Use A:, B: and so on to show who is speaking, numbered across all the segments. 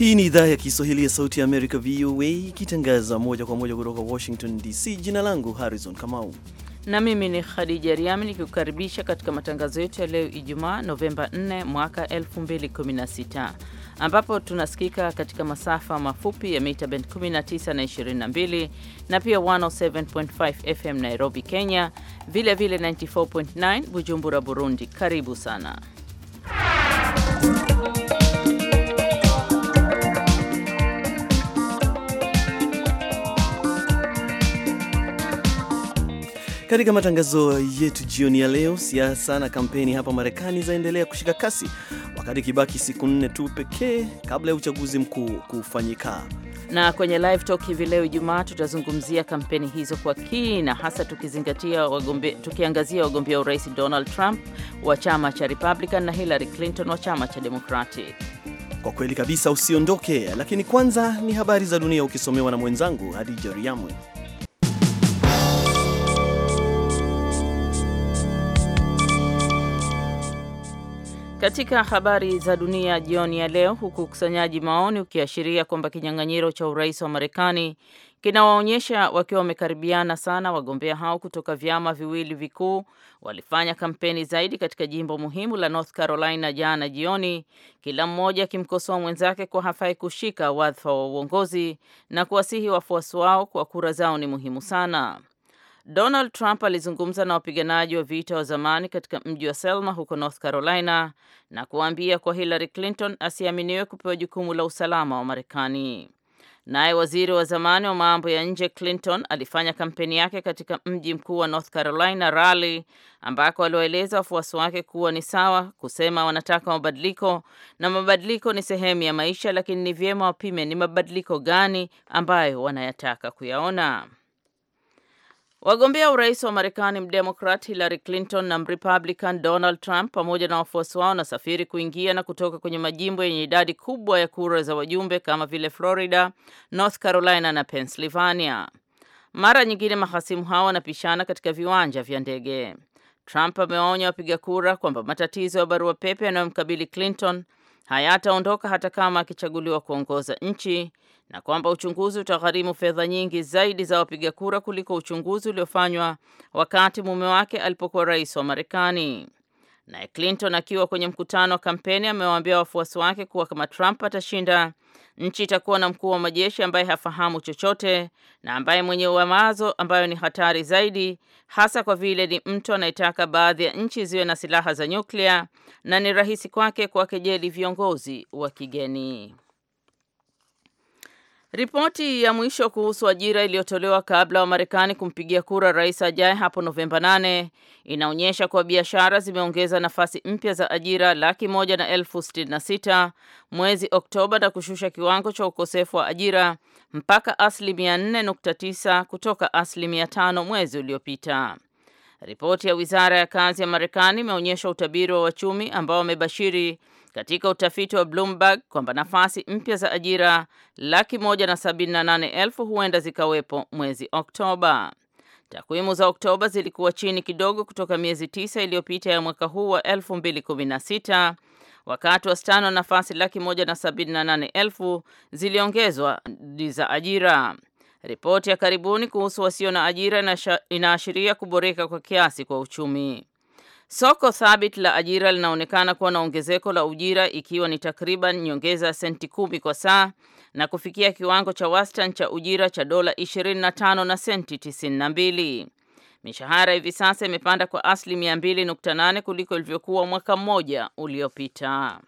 A: Hii ni idhaa ya Kiswahili ya Sauti ya Amerika, VOA, ikitangaza moja kwa moja kutoka Washington DC. Jina langu Harrison Kamau
B: na mimi ni Khadija Riami nikikukaribisha katika matangazo yetu ya leo Ijumaa Novemba 4 mwaka 2016 ambapo tunasikika katika masafa mafupi ya mita bend 19 na 22 na pia 107.5 FM Nairobi, Kenya, vilevile 94.9 Bujumbura, Burundi. Karibu sana
A: Katika matangazo yetu jioni ya leo, siasa na kampeni hapa Marekani zaendelea kushika kasi, wakati kibaki siku nne tu pekee kabla ya uchaguzi mkuu kufanyika.
B: Na kwenye live talk hivi leo Ijumaa, tutazungumzia kampeni hizo kwa kina, hasa tukizingatia wagombe, tukiangazia wagombea urais Donald Trump wa chama cha Republican na Hillary Clinton wa chama cha demokrati
A: Kwa kweli kabisa, usiondoke. Lakini kwanza ni habari za dunia ukisomewa na mwenzangu Hadija Riamwe.
B: Katika habari za dunia jioni ya leo, huku ukusanyaji maoni ukiashiria kwamba kinyang'anyiro cha urais wa Marekani kinawaonyesha wakiwa wamekaribiana sana, wagombea hao kutoka vyama viwili vikuu walifanya kampeni zaidi katika jimbo muhimu la North Carolina jana jioni, kila mmoja akimkosoa mwenzake kwa hafai kushika wadhifa wa uongozi na kuwasihi wafuasi wao kwa kura zao ni muhimu sana. Donald Trump alizungumza na wapiganaji wa vita wa zamani katika mji wa Selma huko North Carolina na kuwaambia kuwa Hillary Clinton asiaminiwe kupewa jukumu la usalama wa Marekani. Naye waziri wa zamani wa mambo ya nje Clinton alifanya kampeni yake katika mji mkuu wa North Carolina, Raleigh, ambako aliwaeleza wafuasi wake kuwa ni sawa kusema wanataka mabadiliko na mabadiliko ni sehemu ya maisha, lakini ni vyema wapime ni mabadiliko gani ambayo wanayataka kuyaona. Wagombea urais wa Marekani mdemokrat Hillary Clinton na mrepublican Donald Trump pamoja na wafuasi wao wanasafiri kuingia na kutoka kwenye majimbo yenye idadi kubwa ya kura za wajumbe kama vile Florida, North Carolina na Pennsylvania. Mara nyingine mahasimu hao wanapishana katika viwanja vya ndege. Trump amewaonya wapiga kura kwamba matatizo ya barua pepe yanayomkabili Clinton hayataondoka hata kama akichaguliwa kuongoza nchi na kwamba uchunguzi utagharimu fedha nyingi zaidi za wapiga kura kuliko uchunguzi uliofanywa wakati mume wake alipokuwa rais wa Marekani. Naye Clinton akiwa kwenye mkutano wa kampeni amewaambia wafuasi wake kuwa kama Trump atashinda, nchi itakuwa na mkuu wa majeshi ambaye hafahamu chochote na ambaye mwenye mawazo ambayo ni hatari zaidi, hasa kwa vile ni mtu anayetaka baadhi ya nchi ziwe na silaha za nyuklia na ni rahisi kwake kuwakejeli viongozi wa kigeni. Ripoti ya mwisho kuhusu ajira iliyotolewa kabla wa Marekani kumpigia kura rais ajaye hapo Novemba 8 inaonyesha kuwa biashara zimeongeza nafasi mpya za ajira laki moja na elfu sitini na sita mwezi Oktoba na kushusha kiwango cha ukosefu wa ajira mpaka asilimia 4.9 kutoka asilimia 5 mwezi uliopita. Ripoti ya wizara ya kazi ya Marekani imeonyesha utabiri wa wachumi ambao wamebashiri katika utafiti wa Bloomberg kwamba nafasi mpya za ajira laki moja na sabini na nane elfu huenda zikawepo mwezi Oktoba. Takwimu za Oktoba zilikuwa chini kidogo kutoka miezi tisa iliyopita ya mwaka huu wa 2016 wakati wastani wa nafasi laki moja na sabini na nane elfu ziliongezwa za ajira. Ripoti ya karibuni kuhusu wasio na ajira inaashiria kuboreka kwa kiasi kwa uchumi. Soko thabiti la ajira linaonekana kuwa na ongezeko la ujira ikiwa ni takriban nyongeza ya senti kumi kwa saa na kufikia kiwango cha wastani cha ujira cha dola 25 na senti 92. Mishahara hivi sasa imepanda kwa asilimia 2.8 kuliko ilivyokuwa mwaka mmoja uliopita.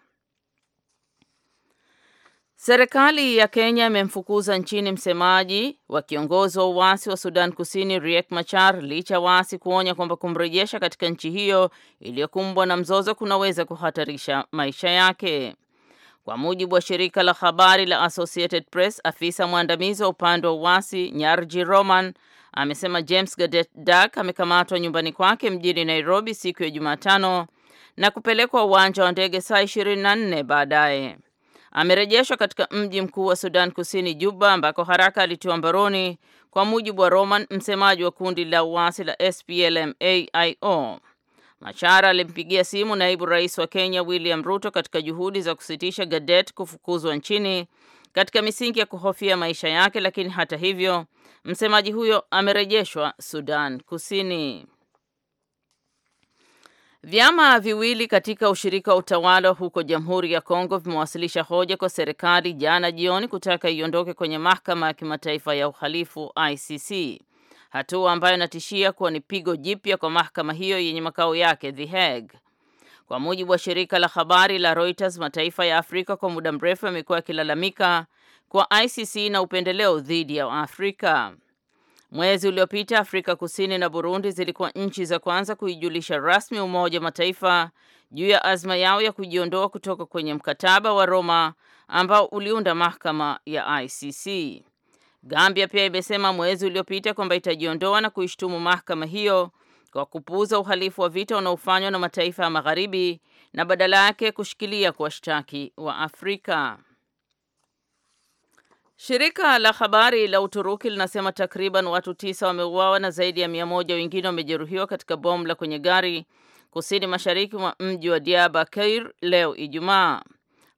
B: Serikali ya Kenya imemfukuza nchini msemaji wa kiongozi wa uasi wa Sudan Kusini Riek Machar licha waasi kuonya kwamba kumrejesha katika nchi hiyo iliyokumbwa na mzozo kunaweza kuhatarisha maisha yake. Kwa mujibu wa shirika la habari la Associated Press, afisa mwandamizi wa upande wa uasi Nyarji Roman amesema James Gadet Dak amekamatwa nyumbani kwake mjini Nairobi siku ya Jumatano na kupelekwa uwanja wa ndege saa 24 baadaye amerejeshwa katika mji mkuu wa Sudan Kusini, Juba, ambako haraka alitiwa mbaroni kwa mujibu wa Roman, msemaji wa kundi la uasi la splmaio Machara alimpigia simu naibu rais wa Kenya William Ruto katika juhudi za kusitisha Gadet kufukuzwa nchini katika misingi ya kuhofia maisha yake, lakini hata hivyo msemaji huyo amerejeshwa Sudan Kusini. Vyama viwili katika ushirika wa utawala huko Jamhuri ya Kongo vimewasilisha hoja kwa serikali jana jioni kutaka iondoke kwenye mahakama ya kimataifa ya uhalifu ICC, hatua ambayo inatishia kuwa ni pigo jipya kwa mahakama hiyo yenye makao yake The Hague. Kwa mujibu wa shirika la habari la Reuters, mataifa ya Afrika kwa muda mrefu yamekuwa yakilalamika kwa ICC na upendeleo dhidi ya Afrika. Mwezi uliopita Afrika Kusini na Burundi zilikuwa nchi za kwanza kuijulisha rasmi Umoja wa Mataifa juu ya azma yao ya kujiondoa kutoka kwenye mkataba wa Roma ambao uliunda mahakama ya ICC. Gambia pia imesema mwezi uliopita kwamba itajiondoa na kuishtumu mahakama hiyo kwa kupuuza uhalifu wa vita unaofanywa na mataifa ya Magharibi na badala yake kushikilia kuwashtaki wa Afrika. Shirika la habari la Uturuki linasema takriban watu tisa wameuawa na zaidi ya mia moja wengine wamejeruhiwa katika bomu la kwenye gari kusini mashariki mwa mji wa Diyarbakir leo Ijumaa.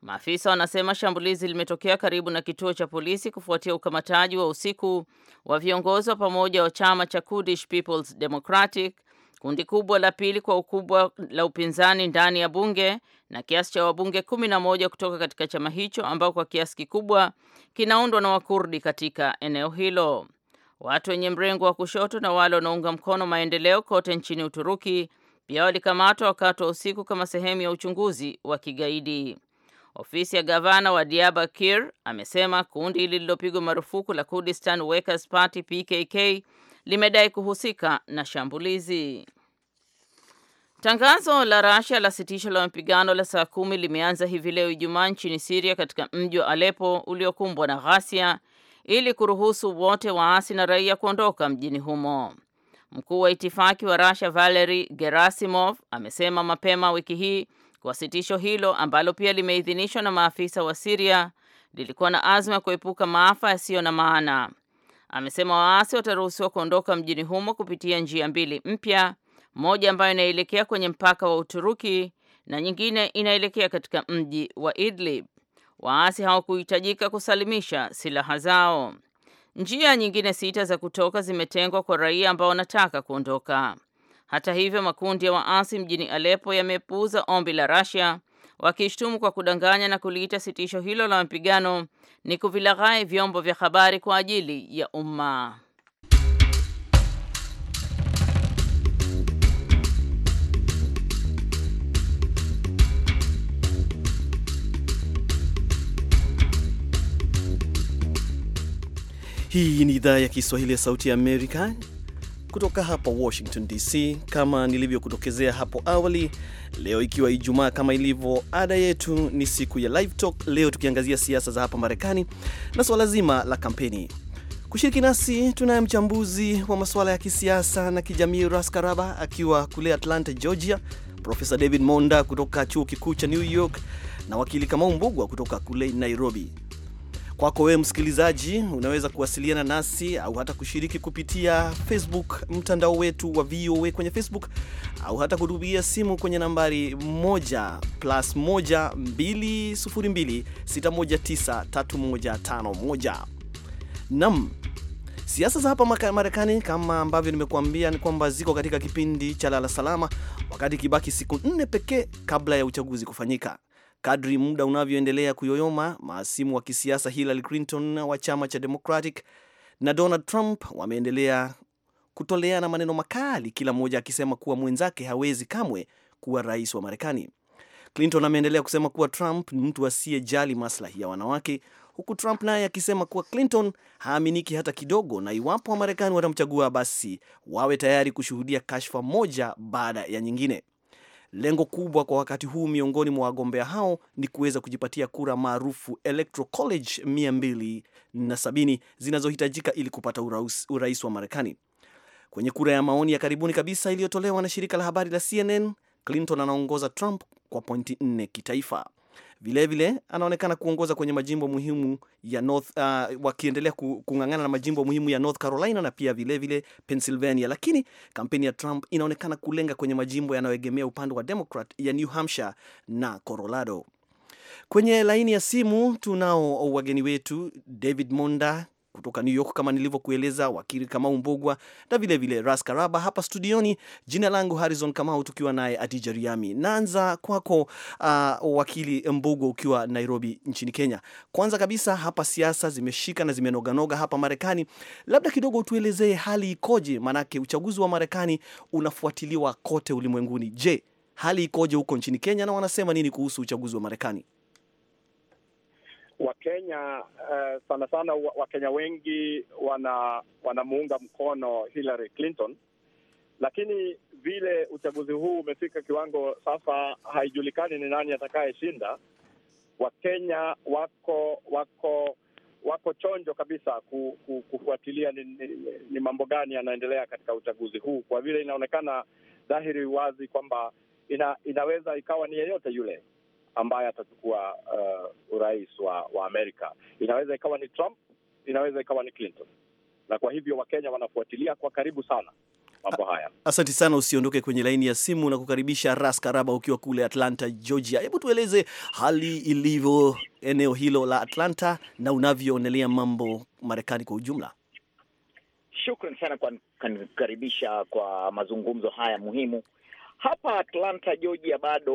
B: Maafisa wanasema shambulizi limetokea karibu na kituo cha polisi kufuatia ukamataji wa usiku wa viongozi wa pamoja wa chama cha Kurdish People's Democratic kundi kubwa la pili kwa ukubwa la upinzani ndani ya bunge na kiasi cha wabunge kumi na moja kutoka katika chama hicho ambao kwa kiasi kikubwa kinaundwa na Wakurdi katika eneo hilo. Watu wenye mrengo wa kushoto na wale wanaunga mkono maendeleo kote nchini Uturuki pia walikamatwa wakati wa usiku kama sehemu ya uchunguzi wa kigaidi. Ofisi ya gavana wa Diyarbakir amesema kundi hili lililopigwa marufuku la Kurdistan Workers Party PKK limedai kuhusika na shambulizi. Tangazo la Russia la sitisho la mapigano la saa kumi limeanza hivi leo Ijumaa nchini Syria katika mji wa Aleppo uliokumbwa na ghasia ili kuruhusu wote waasi na raia kuondoka mjini humo. Mkuu wa itifaki wa Russia Valery Gerasimov amesema mapema wiki hii kwa sitisho hilo ambalo pia limeidhinishwa na maafisa wa Syria lilikuwa na azma ya kuepuka maafa yasiyo na maana. Amesema waasi wataruhusiwa kuondoka mjini humo kupitia njia mbili mpya moja ambayo inaelekea kwenye mpaka wa Uturuki na nyingine inaelekea katika mji wa Idlib. Waasi hawakuhitajika kusalimisha silaha zao. Njia nyingine sita za kutoka zimetengwa kwa raia ambao wanataka kuondoka. Hata hivyo, makundi ya waasi mjini Aleppo yamepuuza ombi la Russia wakishtumu kwa kudanganya na kuliita sitisho hilo la mapigano ni kuvilaghai vyombo vya habari kwa ajili ya umma.
A: Hii ni idhaa ya Kiswahili ya Sauti ya Amerika kutoka hapa Washington DC. Kama nilivyokutokezea hapo awali, leo ikiwa Ijumaa, kama ilivyo ada yetu, ni siku ya Live Talk, leo tukiangazia siasa za hapa Marekani na swala zima la kampeni. Kushiriki nasi tunaye mchambuzi wa masuala ya kisiasa na kijamii, Ras Karaba akiwa kule Atlanta, Georgia, Profesa David Monda kutoka chuo kikuu cha New York na wakili Kamau Mbugwa kutoka kule Nairobi. Kwako wewe msikilizaji, unaweza kuwasiliana nasi au hata kushiriki kupitia Facebook, mtandao wetu wa VOA kwenye Facebook, au hata kutupigia simu kwenye nambari 1 Nam, siasa za hapa Marekani kama ambavyo nimekuambia ni kwamba ziko katika kipindi cha lala salama, wakati ikibaki siku nne pekee kabla ya uchaguzi kufanyika. Kadri muda unavyoendelea kuyoyoma, maasimu wa kisiasa Hillary Clinton wa chama cha Democratic na Donald Trump wameendelea kutoleana maneno makali, kila mmoja akisema kuwa mwenzake hawezi kamwe kuwa rais wa Marekani. Clinton ameendelea kusema kuwa Trump ni mtu asiyejali maslahi ya wanawake, huku Trump naye akisema kuwa Clinton haaminiki hata kidogo, na iwapo Wamarekani watamchagua basi wawe tayari kushuhudia kashfa moja baada ya nyingine. Lengo kubwa kwa wakati huu miongoni mwa wagombea hao ni kuweza kujipatia kura maarufu Electoral College 270 zinazohitajika ili kupata urais wa Marekani. Kwenye kura ya maoni ya karibuni kabisa iliyotolewa na shirika la habari la CNN, Clinton anaongoza Trump kwa pointi nne kitaifa. Vilevile vile, anaonekana kuongoza kwenye majimbo muhimu ya North uh, wakiendelea kung'ang'ana na majimbo muhimu ya North Carolina na pia vilevile vile Pennsylvania, lakini kampeni ya Trump inaonekana kulenga kwenye majimbo yanayoegemea upande wa Democrat ya New Hampshire na Colorado. Kwenye laini ya simu tunao wageni wetu David Monda kutoka New York kama nilivyokueleza, wakili Kamau Mbugwa na vilevile Ras Karaba hapa studioni. Jina langu Harrison Kamau, tukiwa naye Adija Riami. Naanza kwako uh, wakili Mbugwa, ukiwa Nairobi nchini Kenya. Kwanza kabisa hapa siasa zimeshika na zimenoganoga hapa Marekani, labda kidogo utuelezee hali ikoje, maanake uchaguzi wa Marekani unafuatiliwa kote ulimwenguni. Je, hali ikoje huko nchini Kenya na wanasema nini kuhusu uchaguzi wa Marekani?
C: Wakenya uh, eh, sana sana Wakenya wengi wana wanamuunga mkono Hillary Clinton, lakini vile uchaguzi huu umefika kiwango sasa, haijulikani ni nani atakayeshinda. Wakenya wako wako wako chonjo kabisa ku, ku, kufuatilia ni, ni, ni mambo gani yanaendelea katika uchaguzi huu, kwa vile inaonekana dhahiri wazi kwamba ina, inaweza ikawa ni yeyote yule ambaye atachukua uh, urais wa, wa Amerika. Inaweza ikawa ni Trump, inaweza ikawa ni Clinton, na kwa hivyo Wakenya wanafuatilia kwa karibu sana
A: mambo haya. Asante sana, usiondoke kwenye laini ya simu na kukaribisha Ras Karaba ukiwa kule Atlanta, Georgia. Hebu tueleze hali ilivyo eneo hilo la Atlanta na unavyoonelea mambo Marekani kwa ujumla.
D: Shukran sana kwa kanikaribisha kwa mazungumzo haya muhimu hapa Atlanta Georgia, bado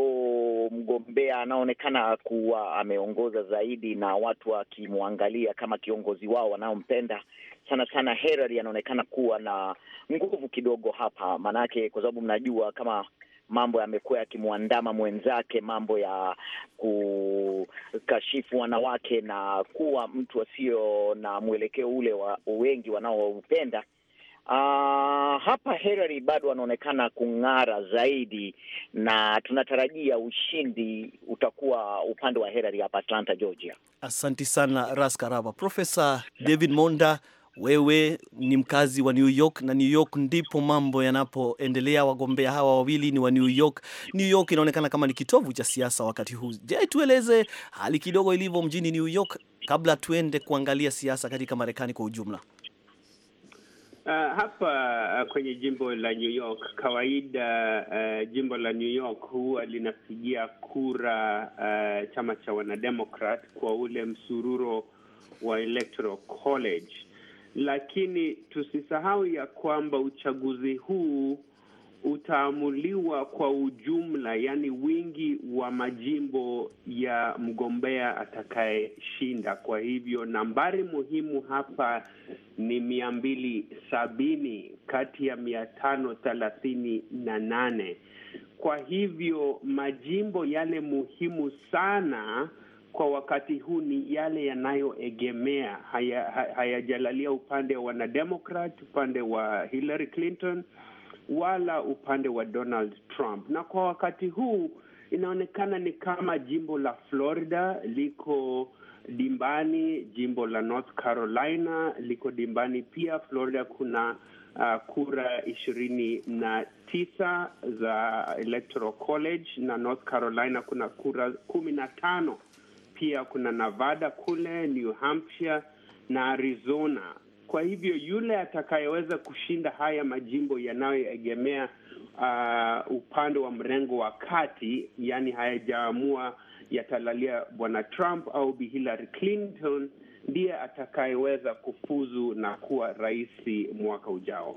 D: mgombea anaonekana kuwa ameongoza zaidi, na watu wakimwangalia kama kiongozi wao wanaompenda sana sana. Hillary anaonekana kuwa na nguvu kidogo hapa, maanake kwa sababu mnajua kama mambo yamekuwa yakimwandama mwenzake, mambo ya kukashifu wanawake na kuwa mtu asio na mwelekeo ule wa wengi wanaoupenda Uh, hapa Hillary bado anaonekana kung'ara zaidi na tunatarajia ushindi utakuwa upande wa Hillary hapa Atlanta, Georgia.
A: Asanti sana Ras Profesa David Monda, wewe ni mkazi wa New York na New York ndipo mambo yanapoendelea. Wagombea hawa wawili ni wa New York. New York inaonekana kama ni kitovu cha siasa wakati huu. Je, tueleze hali kidogo ilivyo mjini New York kabla tuende kuangalia siasa katika Marekani kwa ujumla.
E: Uh, hapa uh, kwenye jimbo la New York kawaida, uh, jimbo la New York huwa linapigia kura uh, chama cha wanademokrat kwa ule msururo wa electoral college, lakini tusisahau ya kwamba uchaguzi huu utaamuliwa kwa ujumla, yani wingi wa majimbo ya mgombea atakayeshinda. Kwa hivyo nambari muhimu hapa ni mia mbili sabini kati ya mia tano thelathini na nane. Kwa hivyo majimbo yale muhimu sana kwa wakati huu ni yale yanayoegemea hayajalalia haya upande wa wanademokrat, upande wa Hillary Clinton wala upande wa Donald Trump. Na kwa wakati huu inaonekana ni kama jimbo la Florida liko dimbani, jimbo la North Carolina liko dimbani pia. Florida kuna uh, kura ishirini na tisa za Electoral College na North Carolina kuna kura kumi na tano pia. Kuna Nevada kule, New Hampshire na Arizona kwa hivyo yule atakayeweza kushinda haya majimbo yanayoegemea uh, upande wa mrengo wa kati, yani hayajaamua yatalalia bwana Trump au bi Hillary Clinton, ndiye atakayeweza kufuzu na kuwa rais mwaka ujao.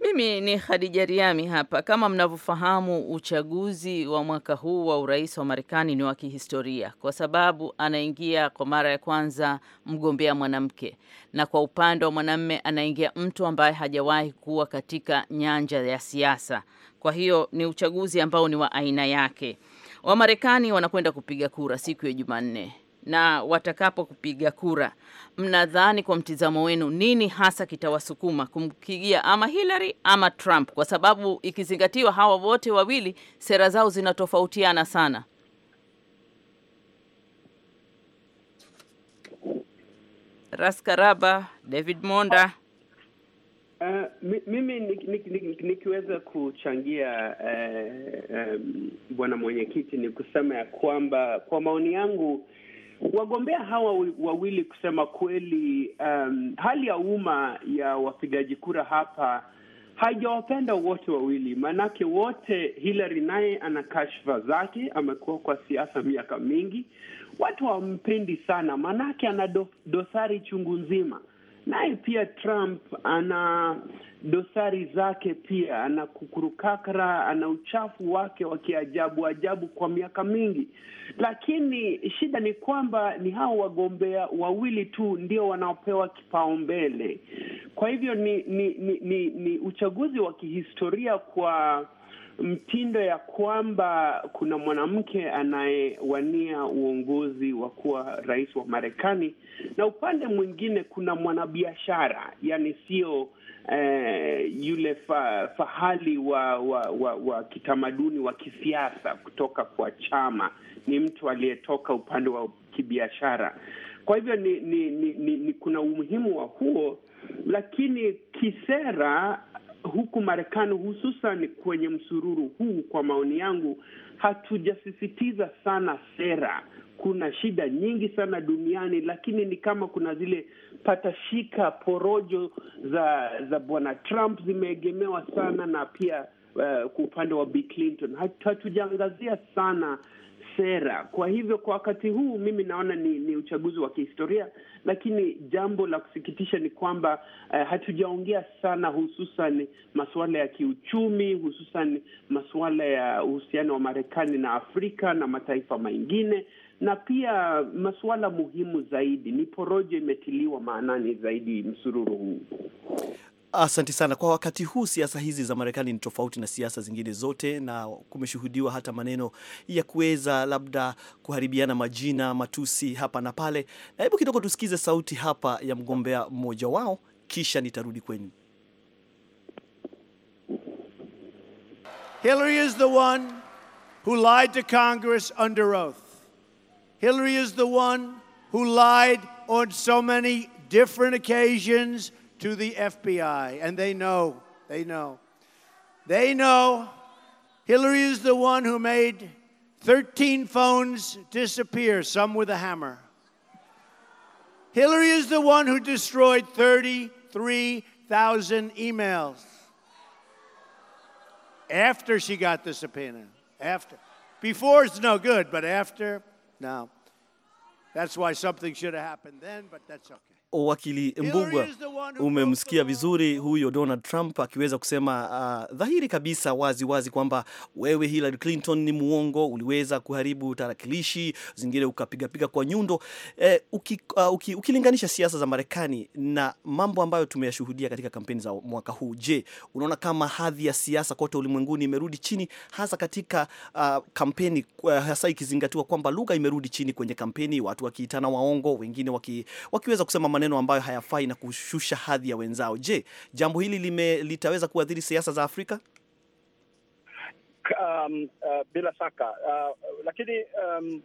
B: Mimi ni Khadija Riami hapa. Kama mnavyofahamu, uchaguzi wa mwaka huu wa urais wa Marekani ni wa kihistoria kwa sababu anaingia kwa mara ya kwanza mgombea mwanamke, na kwa upande wa mwanamme anaingia mtu ambaye hajawahi kuwa katika nyanja ya siasa. Kwa hiyo ni uchaguzi ambao ni wa aina yake. Wamarekani wanakwenda kupiga kura siku ya Jumanne na watakapo kupiga kura, mnadhani kwa mtizamo wenu nini hasa kitawasukuma kumpigia ama Hillary ama Trump? Kwa sababu ikizingatiwa hawa wote wawili sera zao zinatofautiana sana. Raskaraba, David Monda.
E: Uh, mimi nikiweza ni, ni, kuchangia uh, um, bwana mwenyekiti, ni kusema ya kwamba kwa maoni yangu Wagombea hawa wawili kusema kweli, um, hali ya umma ya wapigaji kura hapa haijawapenda wote wawili, maanake wote, Hillary naye ana kashfa zake, amekuwa kwa siasa miaka mingi, watu hawampendi sana, maanake ana dosari chungu nzima naye pia Trump ana dosari zake, pia ana kukurukakara, ana uchafu wake wa kiajabu ajabu kwa miaka mingi, lakini shida ni kwamba ni hao wagombea wawili tu ndio wanaopewa kipaumbele. Kwa hivyo ni ni, ni, ni, ni uchaguzi wa kihistoria kwa mtindo ya kwamba kuna mwanamke anayewania uongozi wa kuwa rais wa Marekani, na upande mwingine kuna mwanabiashara, yani sio eh, yule fa, fahali wa wa, wa, wa kitamaduni wa kisiasa kutoka kwa chama, ni mtu aliyetoka upande wa kibiashara. Kwa hivyo ni, ni, ni, ni, ni kuna umuhimu wa huo, lakini kisera huku Marekani hususan kwenye msururu huu, kwa maoni yangu, hatujasisitiza sana sera. Kuna shida nyingi sana duniani, lakini ni kama kuna zile patashika porojo za za bwana Trump zimeegemewa sana na pia uh, kwa upande wa Bi Clinton hatujaangazia sana sera. Kwa hivyo kwa wakati huu mimi naona ni, ni uchaguzi wa kihistoria, lakini jambo la kusikitisha ni kwamba eh, hatujaongea sana, hususan masuala ya kiuchumi, hususan masuala ya uhusiano wa Marekani na Afrika na mataifa mengine na pia masuala muhimu zaidi ni porojo imetiliwa maanani zaidi msururu huu.
A: Asante sana kwa wakati huu. Siasa hizi za Marekani ni tofauti na siasa zingine zote, na kumeshuhudiwa hata maneno ya kuweza labda kuharibiana majina, matusi hapa na pale, na hebu kidogo tusikize sauti hapa ya mgombea mmoja wao, kisha nitarudi kwenu. Hillary is the one who lied to Congress under oath. Hillary is the one who lied on so many different occasions to the FBI, and they know, they know. They know Hillary is the one who made 13 phones disappear, some with a hammer. Hillary is the one who destroyed 33,000 emails after she got the subpoena. After. Before it's no good, but after, no.
D: That's why something should have happened then, but that's okay.
A: wakili Mbugwa, umemsikia vizuri huyo Donald Trump akiweza kusema uh, dhahiri kabisa wazi wazi kwamba wewe Hillary Clinton ni muongo, uliweza kuharibu tarakilishi zingine ukapigapiga kwa nyundo eh, uki, uh, uki, ukilinganisha siasa za Marekani na mambo ambayo tumeyashuhudia katika kampeni za mwaka huu. Je, unaona kama hadhi ya siasa kote ulimwenguni imerudi chini hasa katika uh, kampeni uh, hasa ikizingatiwa kwamba lugha imerudi chini kwenye kampeni, watu wakiitana waongo, wengine waki, wakiweza kusema maneno maneno ambayo hayafai na kushusha hadhi ya wenzao. Je, jambo hili lime, litaweza kuathiri siasa za Afrika?
C: Um, uh, bila shaka uh, lakini um,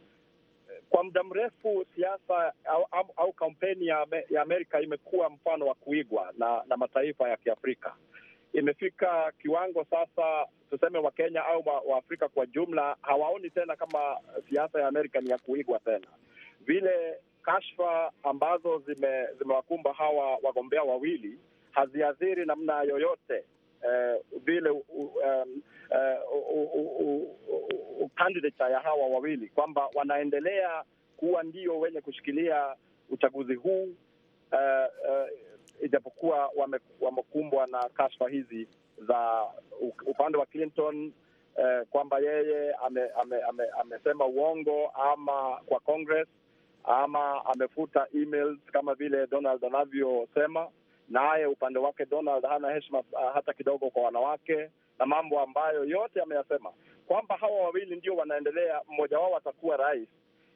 C: kwa muda mrefu siasa au, au, au kampeni ya, ya Amerika imekuwa mfano wa kuigwa na, na mataifa ya Kiafrika. Imefika kiwango sasa, tuseme Wakenya au Waafrika kwa jumla hawaoni tena kama siasa ya Amerika ni ya kuigwa tena, vile kashfa ambazo zime, zimewakumba hawa wagombea wawili haziathiri namna yoyote eh, vile uh, ya hawa wawili, kwamba wanaendelea kuwa ndio wenye kushikilia uchaguzi huu uh, uh, ijapokuwa wamekumbwa na kashfa hizi za upande wa Clinton uh, kwamba yeye amesema ame, ame, ame uongo ama kwa Congress ama amefuta emails kama vile Donald anavyosema. Naye upande wake Donald hana heshima ah, hata kidogo kwa wanawake na mambo ambayo yote ameyasema kwamba hawa wawili ndio wanaendelea, mmoja wao atakuwa rais.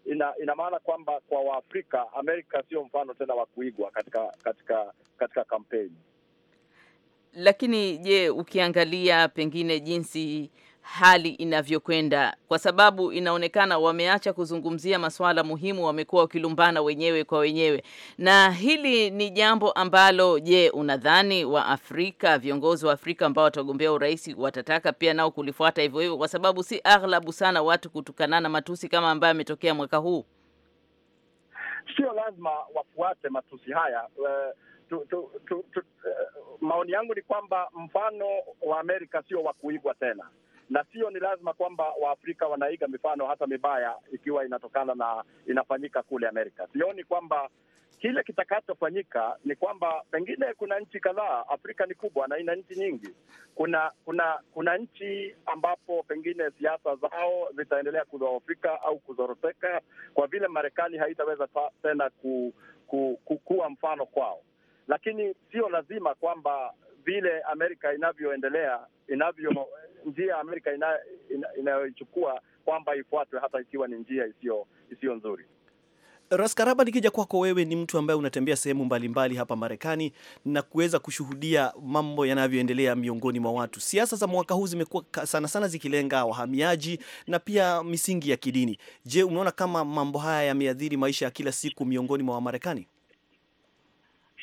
C: Ina ina maana kwamba kwa Waafrika Amerika sio mfano tena wa kuigwa katika katika katika kampeni.
B: Lakini je, ukiangalia pengine jinsi hali inavyokwenda, kwa sababu inaonekana wameacha kuzungumzia masuala muhimu, wamekuwa wakilumbana wenyewe kwa wenyewe, na hili ni jambo ambalo, je, unadhani wa Afrika, viongozi wa Afrika ambao watagombea urais watataka pia nao kulifuata hivyo hivyo, kwa sababu si aghlabu sana watu kutukanana matusi kama ambayo ametokea mwaka huu?
C: Sio lazima wafuate matusi haya. Uh, tu, tu, tu, tu, uh, maoni yangu ni kwamba mfano wa Amerika sio wa kuigwa tena na sio ni lazima kwamba Waafrika wanaiga mifano hata mibaya ikiwa inatokana na inafanyika kule Amerika. Sioni kwamba kile kitakachofanyika ni kwamba pengine kuna nchi kadhaa. Afrika ni kubwa na ina nchi nyingi. Kuna kuna kuna nchi ambapo pengine siasa zao zitaendelea kudhoofika au kuzoroteka kwa vile Marekani haitaweza tena ku, ku, ku, kuwa mfano kwao, lakini sio lazima kwamba vile Amerika inavyoendelea inavyo njia Amerika inayoichukua ina, ina kwamba ifuatwe hata ikiwa ni njia isiyo isiyo nzuri.
A: Raskaraba, nikija kwako, wewe ni mtu ambaye unatembea sehemu mbalimbali hapa Marekani na kuweza kushuhudia mambo yanavyoendelea miongoni mwa watu. Siasa za mwaka huu zimekuwa sana sana zikilenga wahamiaji na pia misingi ya kidini. Je, unaona kama mambo haya yameathiri maisha ya kila siku miongoni mwa Wamarekani?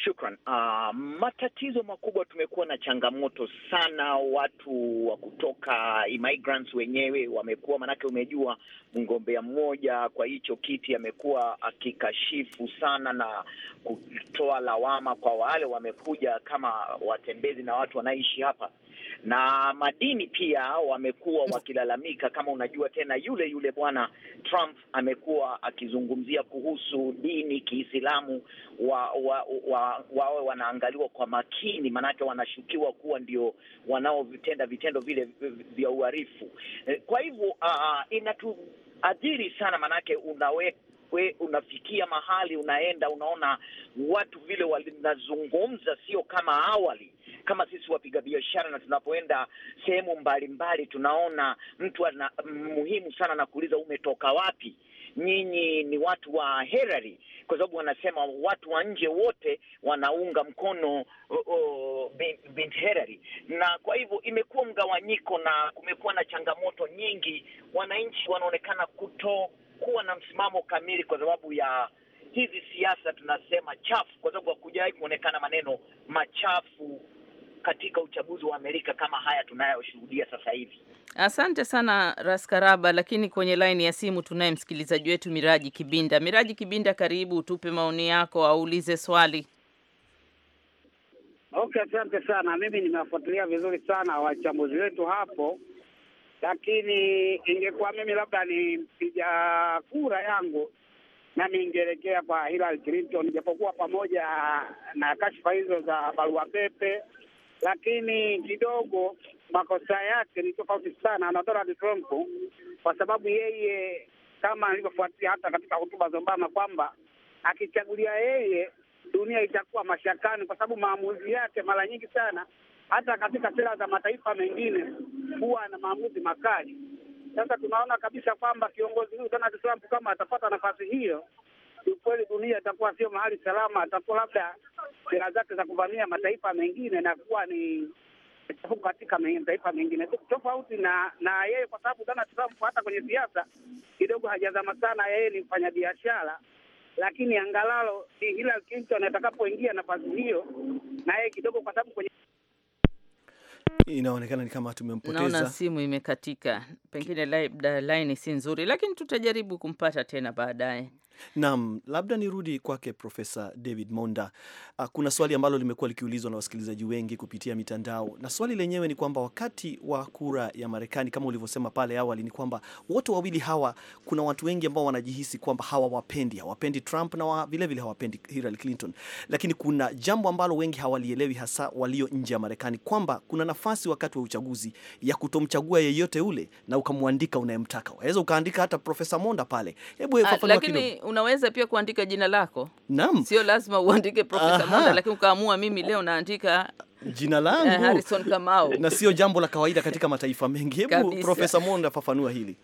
D: Shukran. Uh, matatizo makubwa, tumekuwa na changamoto sana, watu wa kutoka immigrants wenyewe wamekuwa, maanake umejua mgombea mmoja kwa hicho kiti amekuwa akikashifu sana na kutoa lawama kwa wale wamekuja kama watembezi na watu wanaishi hapa, na madini pia wamekuwa wakilalamika. Kama unajua tena, yule yule bwana Trump amekuwa akizungumzia kuhusu dini Kiislamu wa, wa, wa wawe wanaangaliwa kwa makini, maanake wanashukiwa kuwa ndio wanaovitenda vitendo vile vya uhalifu. Eh, kwa hivyo uh, inatuadhiri sana, maanake unawe we, unafikia mahali unaenda, unaona watu vile wanazungumza sio kama awali kama sisi wapiga biashara na tunapoenda sehemu mbalimbali, tunaona mtu ana muhimu sana na kuuliza umetoka wapi, nyinyi ni watu wa herari, kwa sababu wanasema watu wa nje wote wanaunga mkono bint herari, na kwa hivyo imekuwa mgawanyiko na kumekuwa na changamoto nyingi. Wananchi wanaonekana kutokuwa na msimamo kamili kwa sababu ya hizi siasa tunasema chafu, kwa sababu hakujawahi kuonekana maneno machafu katika uchaguzi wa Amerika kama haya tunayoshuhudia sasa hivi.
B: Asante sana Raskaraba, lakini kwenye laini ya simu tunaye msikilizaji wetu Miraji Kibinda. Miraji Kibinda, karibu, utupe maoni yako au ulize swali.
F: Okay, asante sana. Mimi nimewafuatilia vizuri sana wachambuzi wetu hapo, lakini ingekuwa mimi labda ni mpiga kura yangu, nami ingeelekea kwa Hillary Clinton, japokuwa pamoja na kashfa hizo za barua pepe lakini kidogo makosa yake ni tofauti sana na Donald Trump, kwa sababu yeye kama alivyofuatia hata katika hotuba za Obama kwamba akichagulia yeye dunia itakuwa mashakani, kwa sababu maamuzi yake mara nyingi sana hata katika sera za mataifa mengine huwa na maamuzi makali. Sasa tunaona kabisa kwamba kiongozi huyu Donald Trump kama atapata nafasi hiyo kiukweli, dunia itakuwa sio mahali salama, atakuwa labda sera zake za kuvamia mataifa mengine na kuwa ni chafuko katika mataifa mengine, tofauti na na yeye, kwa sababu Donald Trump hata kwenye siasa kidogo hajazama sana. Yeye ni mfanyabiashara, lakini angalalo ni Hillary Clinton atakapoingia nafasi hiyo, na yeye kidogo, kwa sababu kwenye
A: inaonekana ni kama tumempoteza. Naona
B: simu imekatika, pengine labda laini si nzuri, lakini tutajaribu kumpata tena baadaye.
A: Naam, labda nirudi kwake Profesa David Monda. Ah, kuna swali ambalo limekuwa likiulizwa na wasikilizaji wengi kupitia mitandao, na swali lenyewe ni kwamba wakati wa kura ya Marekani, kama ulivyosema pale awali, ni kwamba wote wawili hawa, kuna watu wengi ambao wanajihisi kwamba hawawapendi, hawapendi Trump na vilevile hawapendi Hillary Clinton, lakini kuna jambo ambalo wengi hawalielewi, hasa walio nje ya Marekani, kwamba kuna nafasi wakati wa uchaguzi ya kutomchagua yeyote ule na ukamwandika unayemtaka. Waweza ukaandika hata Profesa Monda pale. Hebu ah,
B: unaweza pia kuandika jina lako. Naam. Sio lazima uandike Profesa Monda, lakini ukaamua mimi leo naandika
A: jina eh, langu Harrison
E: Kamau na
A: sio jambo la kawaida katika mataifa mengi. Hebu Profesa Monda, fafanua hili.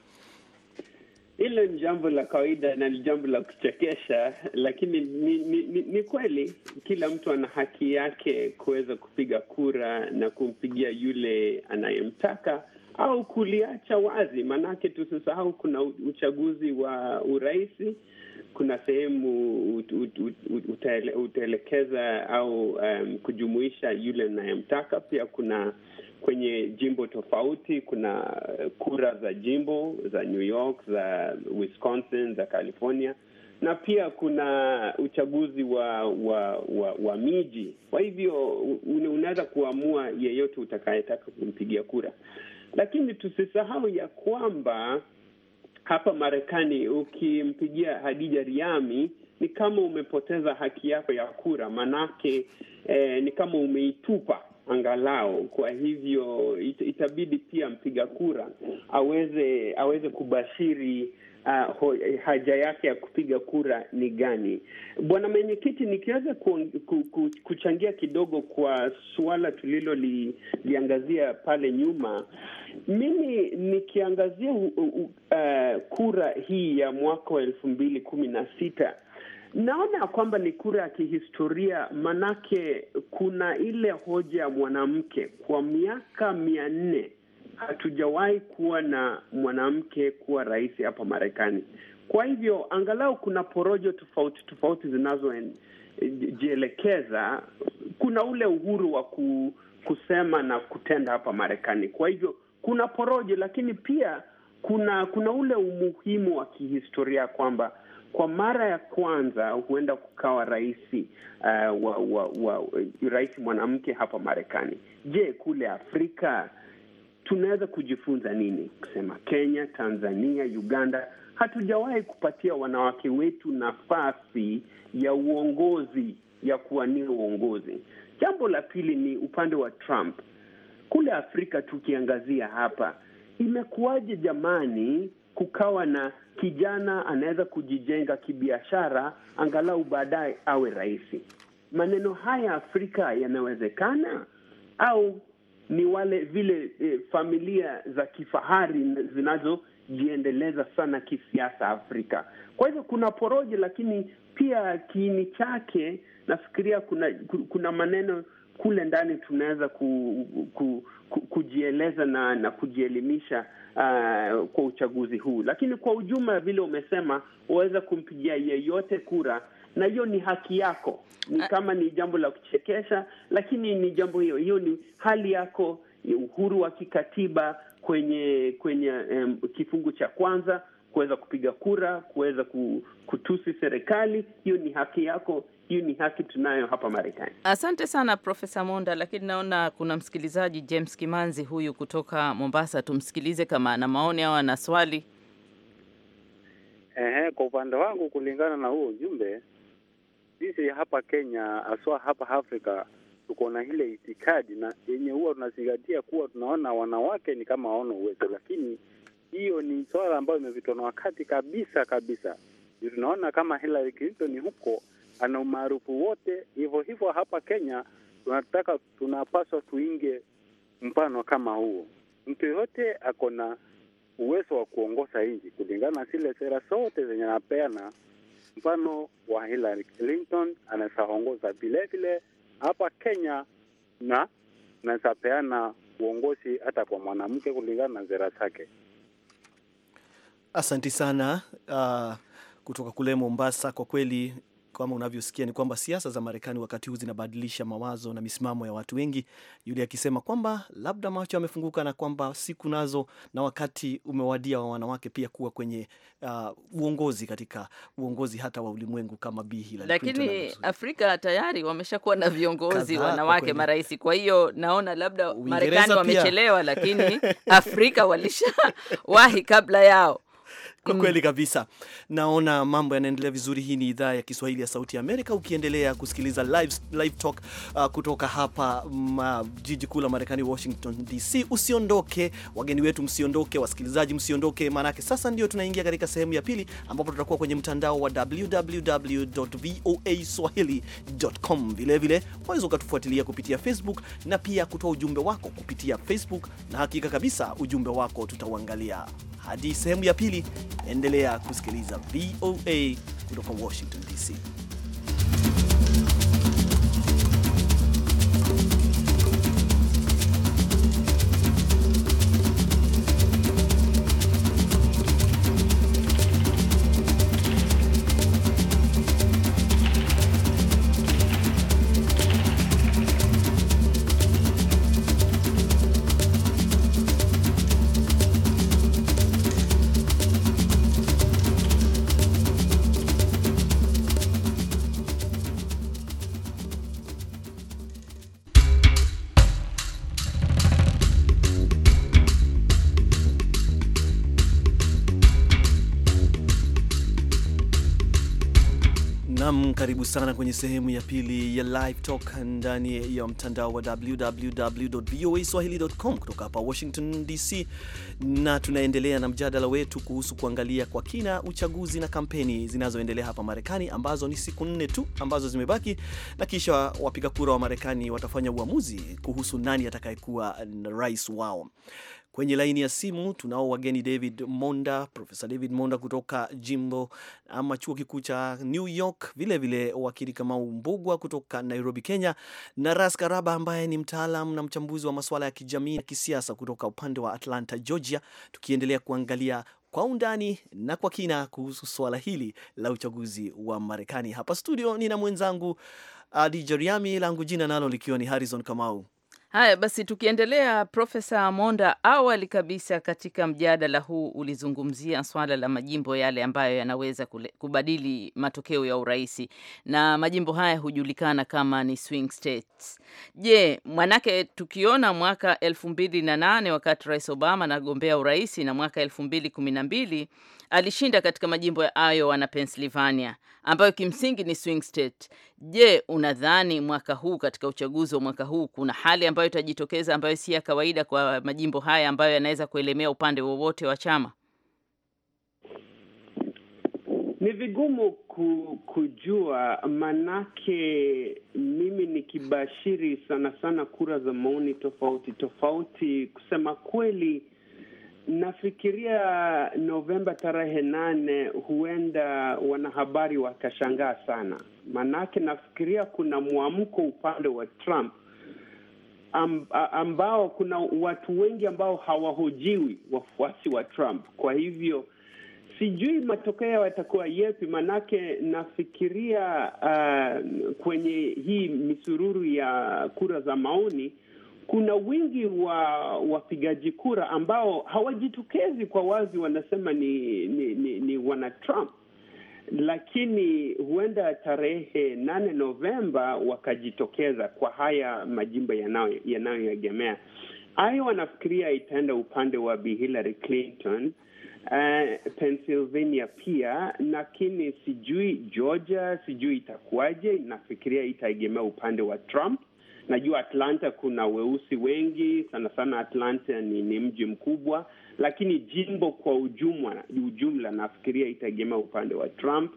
E: Hilo ni jambo la kawaida na ni jambo la kuchekesha, lakini ni, ni, ni, ni kweli. Kila mtu ana haki yake kuweza kupiga kura na kumpigia yule anayemtaka au kuliacha wazi, maanake tusisahau kuna uchaguzi wa urais. Kuna sehemu utaelekeza au um, kujumuisha yule unayemtaka. Pia kuna kwenye jimbo tofauti, kuna eh, kura za jimbo za New York, za Wisconsin, za California na pia kuna uchaguzi wa wa wa, wa miji. Kwa hivyo unaweza kuamua yeyote utakayetaka kumpigia kura. Lakini tusisahau ya kwamba hapa Marekani ukimpigia Hadija Riami ni kama umepoteza haki yako ya kura, manake eh, ni kama umeitupa angalau. Kwa hivyo itabidi pia mpiga kura aweze aweze kubashiri uh, haja yake ya kupiga kura ni gani? Bwana Mwenyekiti, nikiweza ku, ku, ku, kuchangia kidogo kwa suala tuliloliangazia li, pale nyuma, mimi nikiangazia uh, uh, kura hii ya mwaka wa elfu mbili kumi na sita naona kwamba ni kura ya kihistoria, manake kuna ile hoja ya mwanamke kwa miaka mia nne hatujawahi kuwa na mwanamke kuwa rais hapa Marekani. Kwa hivyo angalau kuna porojo tofauti tofauti zinazojielekeza, kuna ule uhuru wa ku, kusema na kutenda hapa Marekani. Kwa hivyo kuna porojo, lakini pia kuna kuna ule umuhimu wa kihistoria kwamba kwa mara ya kwanza huenda kukawa raisi uh, eh, wa, wa, wa, rais mwanamke hapa Marekani. Je, kule Afrika tunaweza kujifunza nini? Kusema Kenya, Tanzania, Uganda hatujawahi kupatia wanawake wetu nafasi ya uongozi ya kuwania uongozi. Jambo la pili ni upande wa Trump kule Afrika. Tukiangazia hapa, imekuwaje jamani, kukawa na kijana anaweza kujijenga kibiashara, angalau baadaye awe rais? Maneno haya Afrika yanawezekana au ni wale vile eh, familia za kifahari zinazojiendeleza sana kisiasa Afrika. Kwa hivyo kuna poroje, lakini pia kiini chake nafikiria kuna kuna maneno kule ndani tunaweza ku, ku, ku, kujieleza na na kujielimisha uh, kwa uchaguzi huu, lakini kwa ujumla vile umesema, waweza kumpigia yeyote kura na hiyo ni haki yako. Ni kama ni jambo la kuchekesha, lakini ni jambo hiyo hiyo, ni hali yako, ya uhuru wa kikatiba kwenye kwenye um, kifungu cha kwanza kuweza kupiga kura, kuweza kutusi serikali, hiyo ni haki yako. Hiyo ni haki tunayo hapa Marekani.
B: Asante sana Profesa Monda, lakini naona kuna msikilizaji James Kimanzi huyu kutoka Mombasa, tumsikilize kama ana maoni au ana swali.
G: Ehe, kwa upande wangu kulingana na huo ujumbe sisi hapa Kenya, haswa hapa Afrika, tuko na ile itikadi na yenye huwa tunazingatia kuwa tunaona wanawake ni kama waona uwezo, lakini hiyo ni swala ambayo imepitwa na wakati kabisa kabisa. Tunaona kama Hillary Clinton huko ana umaarufu wote, hivyo hivyo hapa Kenya tunataka tunapaswa tuinge mpano kama huo. Mtu yoyote ako na uwezo wa kuongoza nchi kulingana na zile sera zote zenye anapeana mfano wa Hillary Clinton anawezaongoza vilevile hapa Kenya, na anawezapeana uongozi hata kwa mwanamke kulingana na zera zake.
A: Asanti sana uh, kutoka kule Mombasa. Kwa kweli kama unavyosikia ni kwamba siasa za Marekani wakati huu zinabadilisha mawazo na misimamo ya watu wengi, yule akisema kwamba labda macho yamefunguka na kwamba siku nazo na wakati umewadia wa wanawake pia kuwa kwenye uh, uongozi katika uongozi hata wa ulimwengu kama Bi Hillary. Lakini
B: Afrika tayari wameshakuwa na viongozi Kaza, wanawake marais. Kwa hiyo naona labda Marekani wamechelewa, lakini Afrika walishawahi
A: kabla yao. Kwa mm. kweli kabisa, naona mambo yanaendelea vizuri. Hii ni idhaa ya Kiswahili ya Sauti ya Amerika, ukiendelea kusikiliza live, live talk uh, kutoka hapa jiji kuu la Marekani, Washington DC. Usiondoke, wageni wetu msiondoke, wasikilizaji msiondoke, maanake sasa ndio tunaingia katika sehemu ya pili ambapo tutakuwa kwenye mtandao wa swahilicom Vilevile waweza ukatufuatilia kupitia Facebook na pia kutoa ujumbe wako kupitia Facebook, na hakika kabisa ujumbe wako tutauangalia hadi sehemu ya pili. Endelea kusikiliza VOA kutoka Washington DC. karibu sana kwenye sehemu ya pili ya live talk ndani ya mtandao wa swahili.com kutoka hapa Washington DC, na tunaendelea na mjadala wetu kuhusu kuangalia kwa kina uchaguzi na kampeni zinazoendelea hapa Marekani, ambazo ni siku nne tu ambazo zimebaki, na kisha wapiga kura wa Marekani watafanya uamuzi kuhusu nani atakayekuwa rais wao. Kwenye laini ya simu tunao wageni David Monda, Profesa David Monda kutoka jimbo ama chuo kikuu cha New York, vilevile wakili Kamau Mbugwa kutoka Nairobi, Kenya, na Ras Karaba ambaye ni mtaalam na mchambuzi wa masuala ya kijamii na kisiasa kutoka upande wa Atlanta, Georgia, tukiendelea kuangalia kwa undani na kwa kina kuhusu swala hili la uchaguzi wa Marekani. Hapa studio nina mwenzangu Adi Jeriami, langu jina nalo likiwa ni Harrison
B: Kamau. Haya basi, tukiendelea, Profesa Monda, awali kabisa katika mjadala huu ulizungumzia swala la majimbo yale ambayo yanaweza kubadili matokeo ya urais, na majimbo haya hujulikana kama ni swing states. Je, mwanake tukiona mwaka elfu mbili na nane wakati Rais Obama anagombea urais na mwaka elfu mbili kumi na mbili alishinda katika majimbo ya Iowa na Pennsylvania ambayo kimsingi ni swing state. Je, unadhani mwaka huu katika uchaguzi wa mwaka huu kuna hali ambayo itajitokeza ambayo si ya kawaida kwa majimbo haya ambayo yanaweza kuelemea upande wowote wa chama?
E: Ni vigumu ku, kujua manake, mimi nikibashiri sana sana kura za maoni tofauti tofauti, kusema kweli Nafikiria Novemba tarehe nane, huenda wanahabari wakashangaa sana, maanake nafikiria kuna mwamko upande wa Trump ambao kuna watu wengi ambao hawahojiwi, wafuasi wa Trump. Kwa hivyo sijui matokeo yatakuwa yepi, maanake nafikiria uh, kwenye hii misururu ya kura za maoni kuna wingi wa wapigaji kura ambao hawajitokezi kwa wazi, wanasema ni, ni, ni, ni wana Trump, lakini huenda tarehe nane Novemba wakajitokeza kwa haya majimbo yanayoegemea hayo. Wanafikiria itaenda upande wa Bi Hillary Clinton. Uh, Pennsylvania pia, lakini sijui Georgia, sijui itakuwaje. Nafikiria itaegemea upande wa Trump. Najua Atlanta kuna weusi wengi sana sana. Atlanta ni, ni mji mkubwa, lakini jimbo kwa ujumla, ujumla nafikiria itagema upande wa Trump.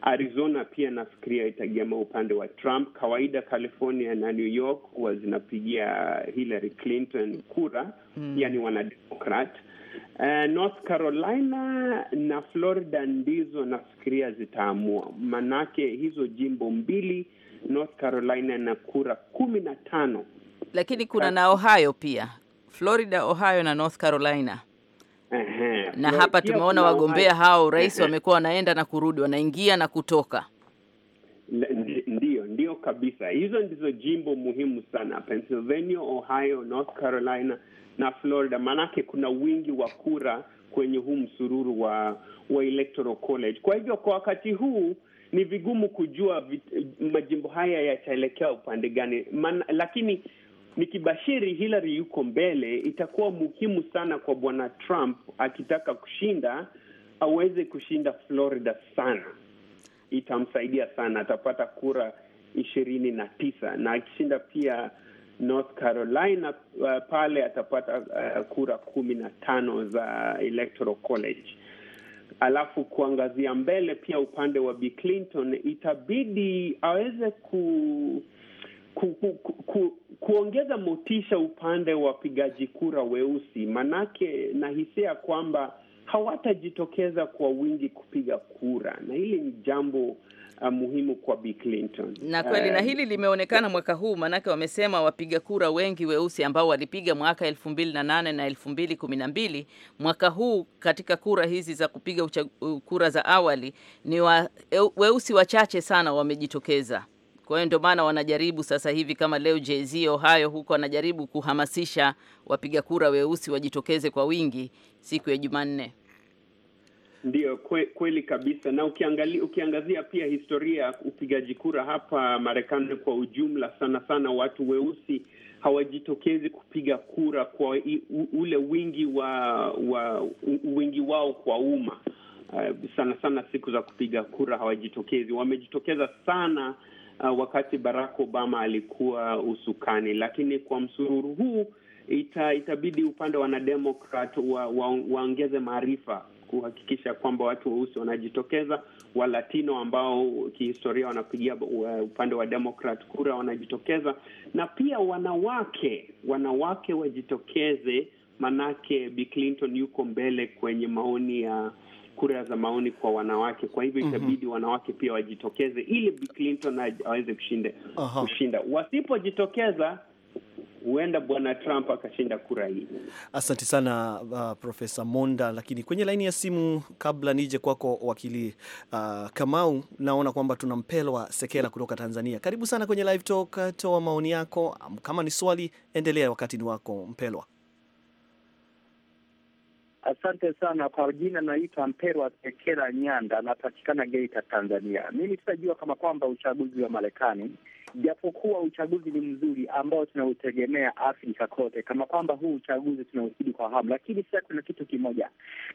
E: Arizona pia nafikiria itagema upande wa Trump. Kawaida California na New York huwa zinapigia Hillary Clinton kura mm. Yani wanademokrat Uh, North Carolina na Florida ndizo nafikiria zitaamua, manake hizo jimbo mbili North Carolina na kura kumi na tano,
B: lakini kuna na Ohio pia, Florida, Ohio na North Carolina.
E: Ehe, Na hapa tumeona wagombea hao rais wamekuwa
B: wanaenda na kurudi, wanaingia na kutoka.
E: Ndiyo, ndiyo kabisa, hizo ndizo jimbo muhimu sana, Pennsylvania, Ohio, North Carolina na Florida, maanake kuna wingi wa kura kwenye huu msururu wa, wa Electoral College. Kwa hivyo kwa wakati huu ni vigumu kujua vit, majimbo haya yataelekea upande gani Man, lakini nikibashiri Hillary yuko mbele, itakuwa muhimu sana kwa bwana Trump akitaka kushinda aweze kushinda Florida sana, itamsaidia sana, atapata kura ishirini na tisa na akishinda pia North Carolina uh, pale atapata uh, kura kumi na tano za Electoral College alafu kuangazia mbele pia upande wa Bi Clinton, itabidi aweze ku ku, ku, ku, ku, kuongeza motisha upande wa wapigaji kura weusi, manake nahisia kwamba hawatajitokeza kwa wingi kupiga kura, na hili ni jambo uh, muhimu kwa Bi Clinton na kweli, na uh,
B: hili limeonekana mwaka huu, maanake wamesema wapiga kura wengi weusi ambao walipiga mwaka elfu mbili na nane na elfu mbili kumi na mbili mwaka huu katika kura hizi za kupiga kura za awali ni wa, e, weusi wachache sana wamejitokeza. Kwa hiyo ndio maana wanajaribu sasa hivi kama leo JZ Ohio huko wanajaribu kuhamasisha wapiga kura weusi wajitokeze kwa wingi siku ya Jumanne.
E: Ndiyo, kwe, kweli kabisa na ukiangali, ukiangazia pia historia ya upigaji kura hapa Marekani kwa ujumla, sana sana watu weusi hawajitokezi kupiga kura kwa ule wingi wa, wa wingi wao kwa umma. Uh, sana sana siku za kupiga kura hawajitokezi. Wamejitokeza sana uh, wakati Barack Obama alikuwa usukani, lakini kwa msururu huu ita, itabidi upande wa wanademokrat waongeze wa, wa maarifa kuhakikisha kwamba watu weusi wanajitokeza, Walatino ambao kihistoria wanapigia uh, upande wa Demokrat kura wanajitokeza, na pia wanawake, wanawake wajitokeze, manake Bi Clinton yuko mbele kwenye maoni ya kura za maoni kwa wanawake. Kwa hivyo mhm. itabidi mm -hmm. wanawake pia wajitokeze ili Bi Clinton aweze kushinda. Wasipojitokeza huenda bwana Trump akashinda kura hii.
A: Asante sana uh, Profesa Monda. Lakini kwenye laini ya simu, kabla nije kwako wakili uh, Kamau, naona kwamba tuna Mpelwa Sekela kutoka Tanzania. Karibu sana kwenye live talk, toa maoni yako. Um, kama ni swali, endelea, wakati ni wako Mpelwa.
G: Asante sana kwa jina, naitwa wa Sekera Nyanda, napatikana Geita, Tanzania. Mimi tutajua kama kwamba uchaguzi wa Marekani, japokuwa uchaguzi ni mzuri ambao tunautegemea Afrika kote, kama kwamba huu uchaguzi tunauzidi kwa hamu, lakini sasa kuna kitu kimoja,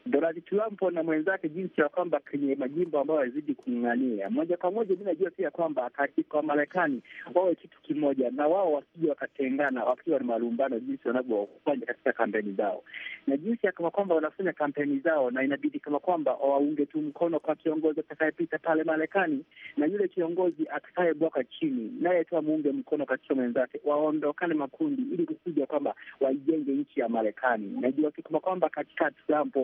G: Donald Trump na mwenzake, jinsi ya kwamba kwenye majimbo ambayo yazidi kung'ang'ania moja kwa moja, mi najua pia kwamba katika Marekani wawe kitu kimoja, na wao wasije wakatengana wakiwa na malumbano, jinsi wanavyofanya katika kampeni zao na jinsi ya kama kwamba wanafanya kampeni zao, na inabidi kama kwamba waunge tu mkono kwa kiongozi atakayepita pale Marekani, na yule kiongozi atakayebwaka chini naye tu amuunge mkono katika mwenzake, waondokane makundi, ili kukuja kwamba waijenge nchi ya Marekani. Najua tu kama kwamba katika Trump,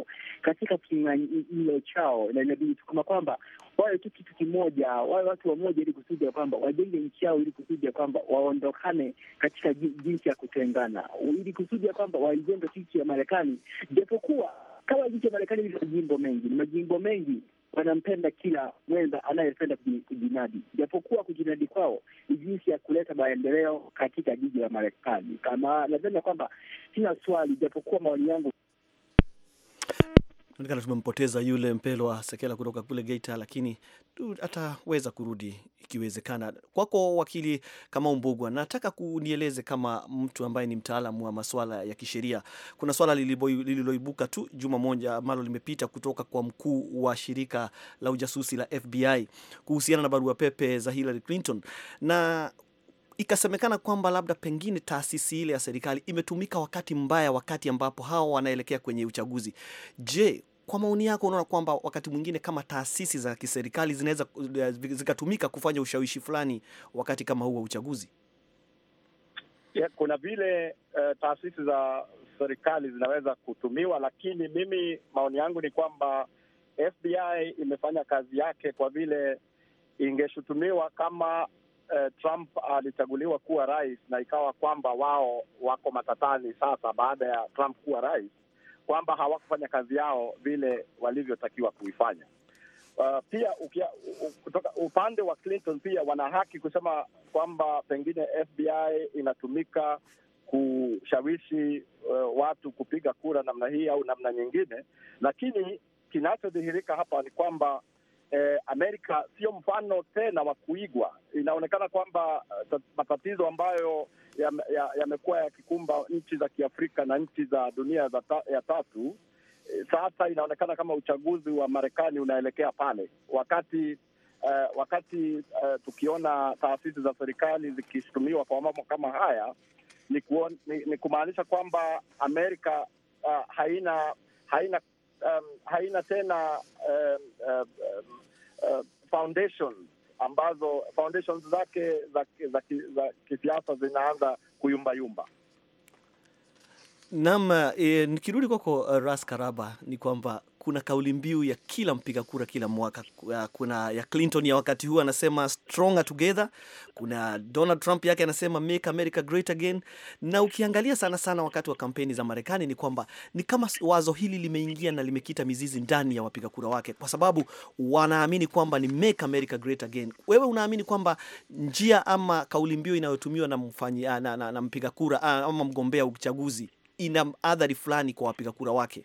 G: katika kinyang'anyiro chao, na inabidi tu kama kwamba wawe tu kitu kimoja, wawe watu wamoja, ili kusudi ya kwamba wajenge nchi yao, ili kusudi ya kwamba waondokane katika jinsi ya kutengana, ili kusudi ya kwamba waijenge nchi ya Marekani. Japokuwa kama nchi ya Marekani ni majimbo mengi, ni majimbo mengi wanampenda kila mwenza anayependa kujinadi, japokuwa kujinadi kwao ni jinsi ya kuleta maendeleo katika jiji la Marekani. Kama nadhani ya kwamba sina swali, japokuwa maoni yangu
A: Naonekana tumempoteza yule Mpelo wa Sekela kutoka kule Geita, lakini ataweza kurudi ikiwezekana. Kwako wakili kama Umbugwa, nataka kunieleze kama mtu ambaye ni mtaalamu wa masuala ya kisheria, kuna swala lililoibuka tu juma moja ambalo limepita kutoka kwa mkuu wa shirika la ujasusi la FBI kuhusiana na barua pepe za Hillary Clinton na ikasemekana kwamba labda pengine taasisi ile ya serikali imetumika wakati mbaya, wakati ambapo hawa wanaelekea kwenye uchaguzi. Je, kwa maoni yako unaona kwamba wakati mwingine kama taasisi za kiserikali zinaweza eh, zikatumika kufanya ushawishi fulani wakati kama huu wa uchaguzi? Yeah,
C: kuna vile uh, taasisi za serikali zinaweza kutumiwa, lakini mimi maoni yangu ni kwamba FBI imefanya kazi yake kwa vile ingeshutumiwa kama eh, Trump alichaguliwa kuwa rais na ikawa kwamba wao wako matatani sasa, baada ya Trump kuwa rais, kwamba hawakufanya kazi yao vile walivyotakiwa kuifanya. Uh, pia ukia, u, kutoka upande wa Clinton pia wana haki kusema kwamba pengine FBI inatumika kushawishi uh, watu kupiga kura namna hii au namna nyingine, lakini kinachodhihirika hapa ni kwamba eh, Amerika sio mfano tena wa kuigwa. Inaonekana kwamba eh, matatizo ambayo yamekuwa ya, ya yakikumba nchi za Kiafrika na nchi za dunia za ta, ya tatu eh, sasa inaonekana kama uchaguzi wa Marekani unaelekea pale wakati Uh, wakati uh, tukiona taasisi za serikali zikishutumiwa kwa mambo kama haya ni, ni, ni kumaanisha kwamba Amerika uh, haina haina um, haina tena um, um, um, uh, foundations ambazo foundations zake za, za, za kisiasa zinaanza kuyumbayumba.
A: Naam, e, nikirudi kwako eh, Ras Karaba, ni kwamba kuna kauli mbiu ya kila mpiga kura kila mwaka. Kuna ya Clinton ya wakati huu anasema stronger together, kuna Donald Trump yake anasema make America great again. Na ukiangalia sana sana wakati wa kampeni za Marekani ni kwamba ni kama wazo hili limeingia na limekita mizizi ndani ya wapiga kura wake, kwa sababu wanaamini kwamba ni make America great again. Wewe unaamini kwamba njia ama kauli mbiu inayotumiwa na mfanyi na, na, na mpiga kura ama mgombea uchaguzi ina athari fulani kwa wapiga kura wake?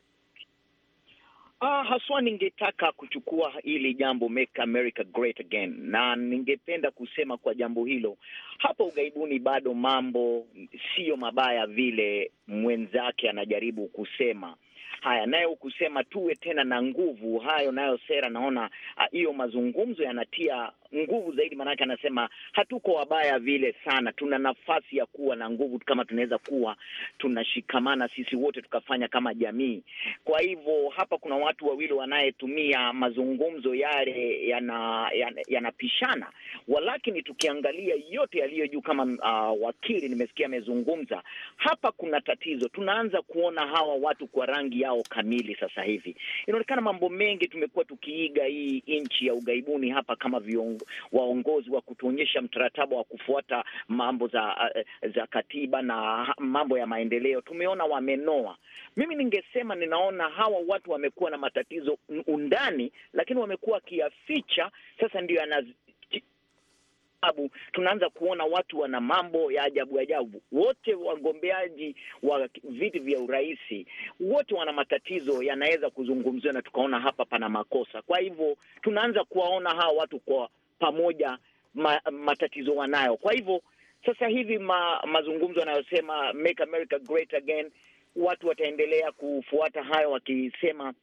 D: Ah, haswa ningetaka kuchukua hili jambo Make America Great Again, na ningependa kusema kwa jambo hilo, hapa ughaibuni bado mambo siyo mabaya vile mwenzake anajaribu kusema haya nayo kusema tuwe tena na nguvu hayo nayo sera, naona ah, hiyo mazungumzo yanatia nguvu zaidi, maanake anasema hatuko wabaya vile sana, tuna nafasi ya kuwa na nguvu kama tunaweza kuwa tunashikamana sisi wote tukafanya kama jamii. Kwa hivyo hapa kuna watu wawili wanayetumia mazungumzo yale yanapishana, yana, yana walakini, tukiangalia yote yaliyo juu kama uh, wakili nimesikia amezungumza hapa, kuna tatizo tunaanza kuona hawa watu kwa rangi yao kamili. Sasa hivi inaonekana mambo mengi tumekuwa tukiiga hii nchi ya ugaibuni hapa kama vion, waongozi wa kutuonyesha mtaratabu wa kufuata mambo za eh, za katiba na mambo ya maendeleo, tumeona wamenoa. Mimi ningesema ninaona hawa watu wamekuwa na matatizo undani, lakini wamekuwa wakiyaficha. Sasa ndio yana sababu tunaanza kuona watu wana mambo ya ajabu ajabu. Wote wagombeaji wa viti vya urais wote wana matatizo yanaweza kuzungumziwa, na tukaona hapa pana makosa. Kwa hivyo tunaanza kuwaona hawa watu kwa pamoja ma, matatizo wanayo. Kwa hivyo sasa hivi ma, mazungumzo yanayosema make America great again, watu wataendelea kufuata hayo wakisema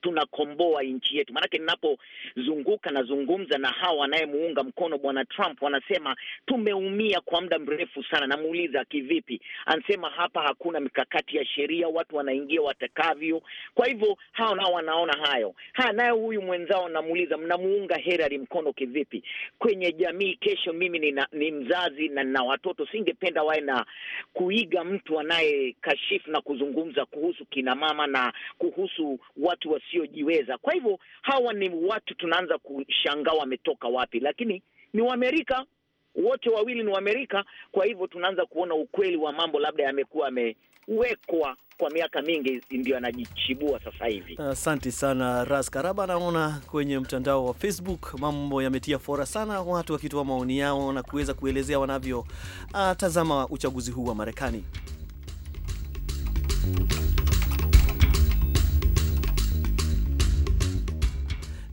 D: tunakomboa nchi yetu. Maanake ninapozunguka nazungumza na hawa wanayemuunga mkono bwana Trump, wanasema tumeumia kwa muda mrefu sana. Namuuliza kivipi, anasema hapa hakuna mikakati ya sheria, watu wanaingia watakavyo. Kwa hivyo hao nao wanaona hayo haya nayo. Huyu mwenzao namuuliza, mnamuunga Hillary mkono kivipi kwenye jamii? Kesho mimi ni, na, ni mzazi na nina watoto, singependa wae na kuiga mtu anayekashifu na kuzungumza kuhusu kinamama na kuhusu watu wa wasiojiweza. Kwa hivyo hawa ni watu tunaanza kushangaa wametoka wapi, lakini ni Waamerika wote wawili ni Waamerika. Kwa hivyo tunaanza kuona ukweli wa mambo, labda yamekuwa yamewekwa kwa miaka mingi, ndio anajichibua sasa hivi.
A: Asante sana Ras Karaba. Naona kwenye mtandao wa Facebook mambo yametia fora sana, watu wakitoa maoni yao na kuweza kuelezea wanavyotazama ah, tazama uchaguzi huu wa Marekani.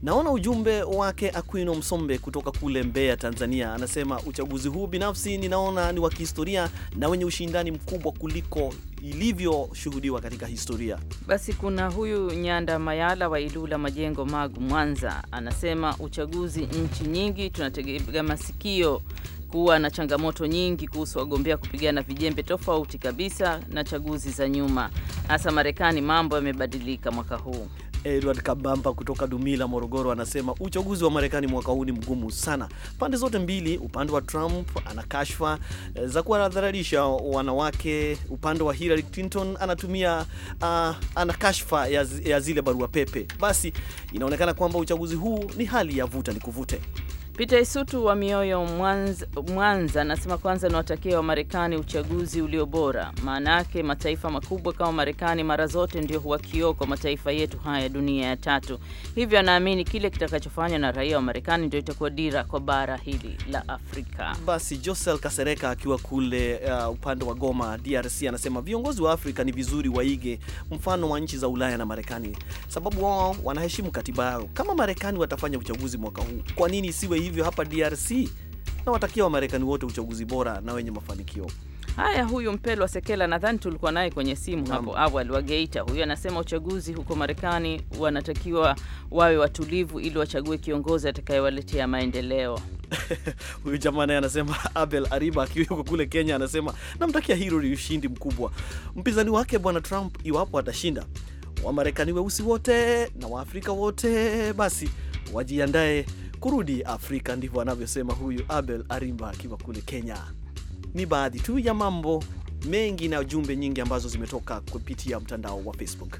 A: Naona ujumbe wake Aquino Msombe kutoka kule Mbeya, Tanzania, anasema uchaguzi huu binafsi ninaona ni wa kihistoria na wenye ushindani mkubwa kuliko ilivyoshuhudiwa katika historia.
B: Basi kuna huyu Nyanda Mayala wa Ilula Majengo, Magu, Mwanza, anasema uchaguzi, nchi nyingi tunategea masikio kuwa na changamoto nyingi kuhusu wagombea kupigana vijembe tofauti kabisa na chaguzi za nyuma, hasa Marekani. Mambo yamebadilika mwaka huu.
A: Edward Kabamba kutoka Dumila, Morogoro, anasema uchaguzi wa Marekani mwaka huu ni mgumu sana pande zote mbili. Upande wa Trump ana kashfa eh, za kuwadhararisha wanawake, upande wa Hillary Clinton anatumia uh, ana kashfa ya, ya zile barua pepe. Basi inaonekana kwamba uchaguzi huu ni hali ya vuta ni kuvute.
B: Peter Isutu wa mioyo Mwanza, Mwanza anasema kwanza niwatakia Wamarekani uchaguzi ulio bora, maana yake mataifa makubwa kama Marekani mara zote ndio huwa kioo kwa mataifa yetu haya dunia ya tatu. Hivyo anaamini kile kitakachofanywa na raia wa Marekani ndio itakuwa dira kwa bara hili la Afrika.
A: Basi Josel Kasereka akiwa kule uh, upande wa Goma DRC anasema viongozi wa Afrika ni vizuri waige mfano wa nchi za Ulaya na Marekani, sababu wao wanaheshimu katiba yao. Kama Marekani watafanya uchaguzi mwaka huu, kwa nini isiwe hivyo hapa DRC na watakia Wamarekani wote uchaguzi bora na wenye mafanikio.
B: Haya, huyu wa Sekela nadhani tulikuwa naye kwenye simu hapo awali wa Geita. Huyu anasema uchaguzi huko Marekani wanatakiwa wawe watulivu ili wachague kiongozi atakayewaletea maendeleo. Huyu jamaa naye anasema Abel Ariba akiwa yuko kule Kenya anasema namtakia
A: Hillary ushindi mkubwa, mpinzani wake bwana Trump iwapo atashinda. Wamarekani weusi wote na Waafrika wote basi wajiandae kurudi Afrika, ndivyo anavyosema huyu Abel Arimba akiwa kule Kenya. Ni baadhi tu ya mambo mengi na jumbe nyingi ambazo zimetoka kupitia mtandao wa Facebook.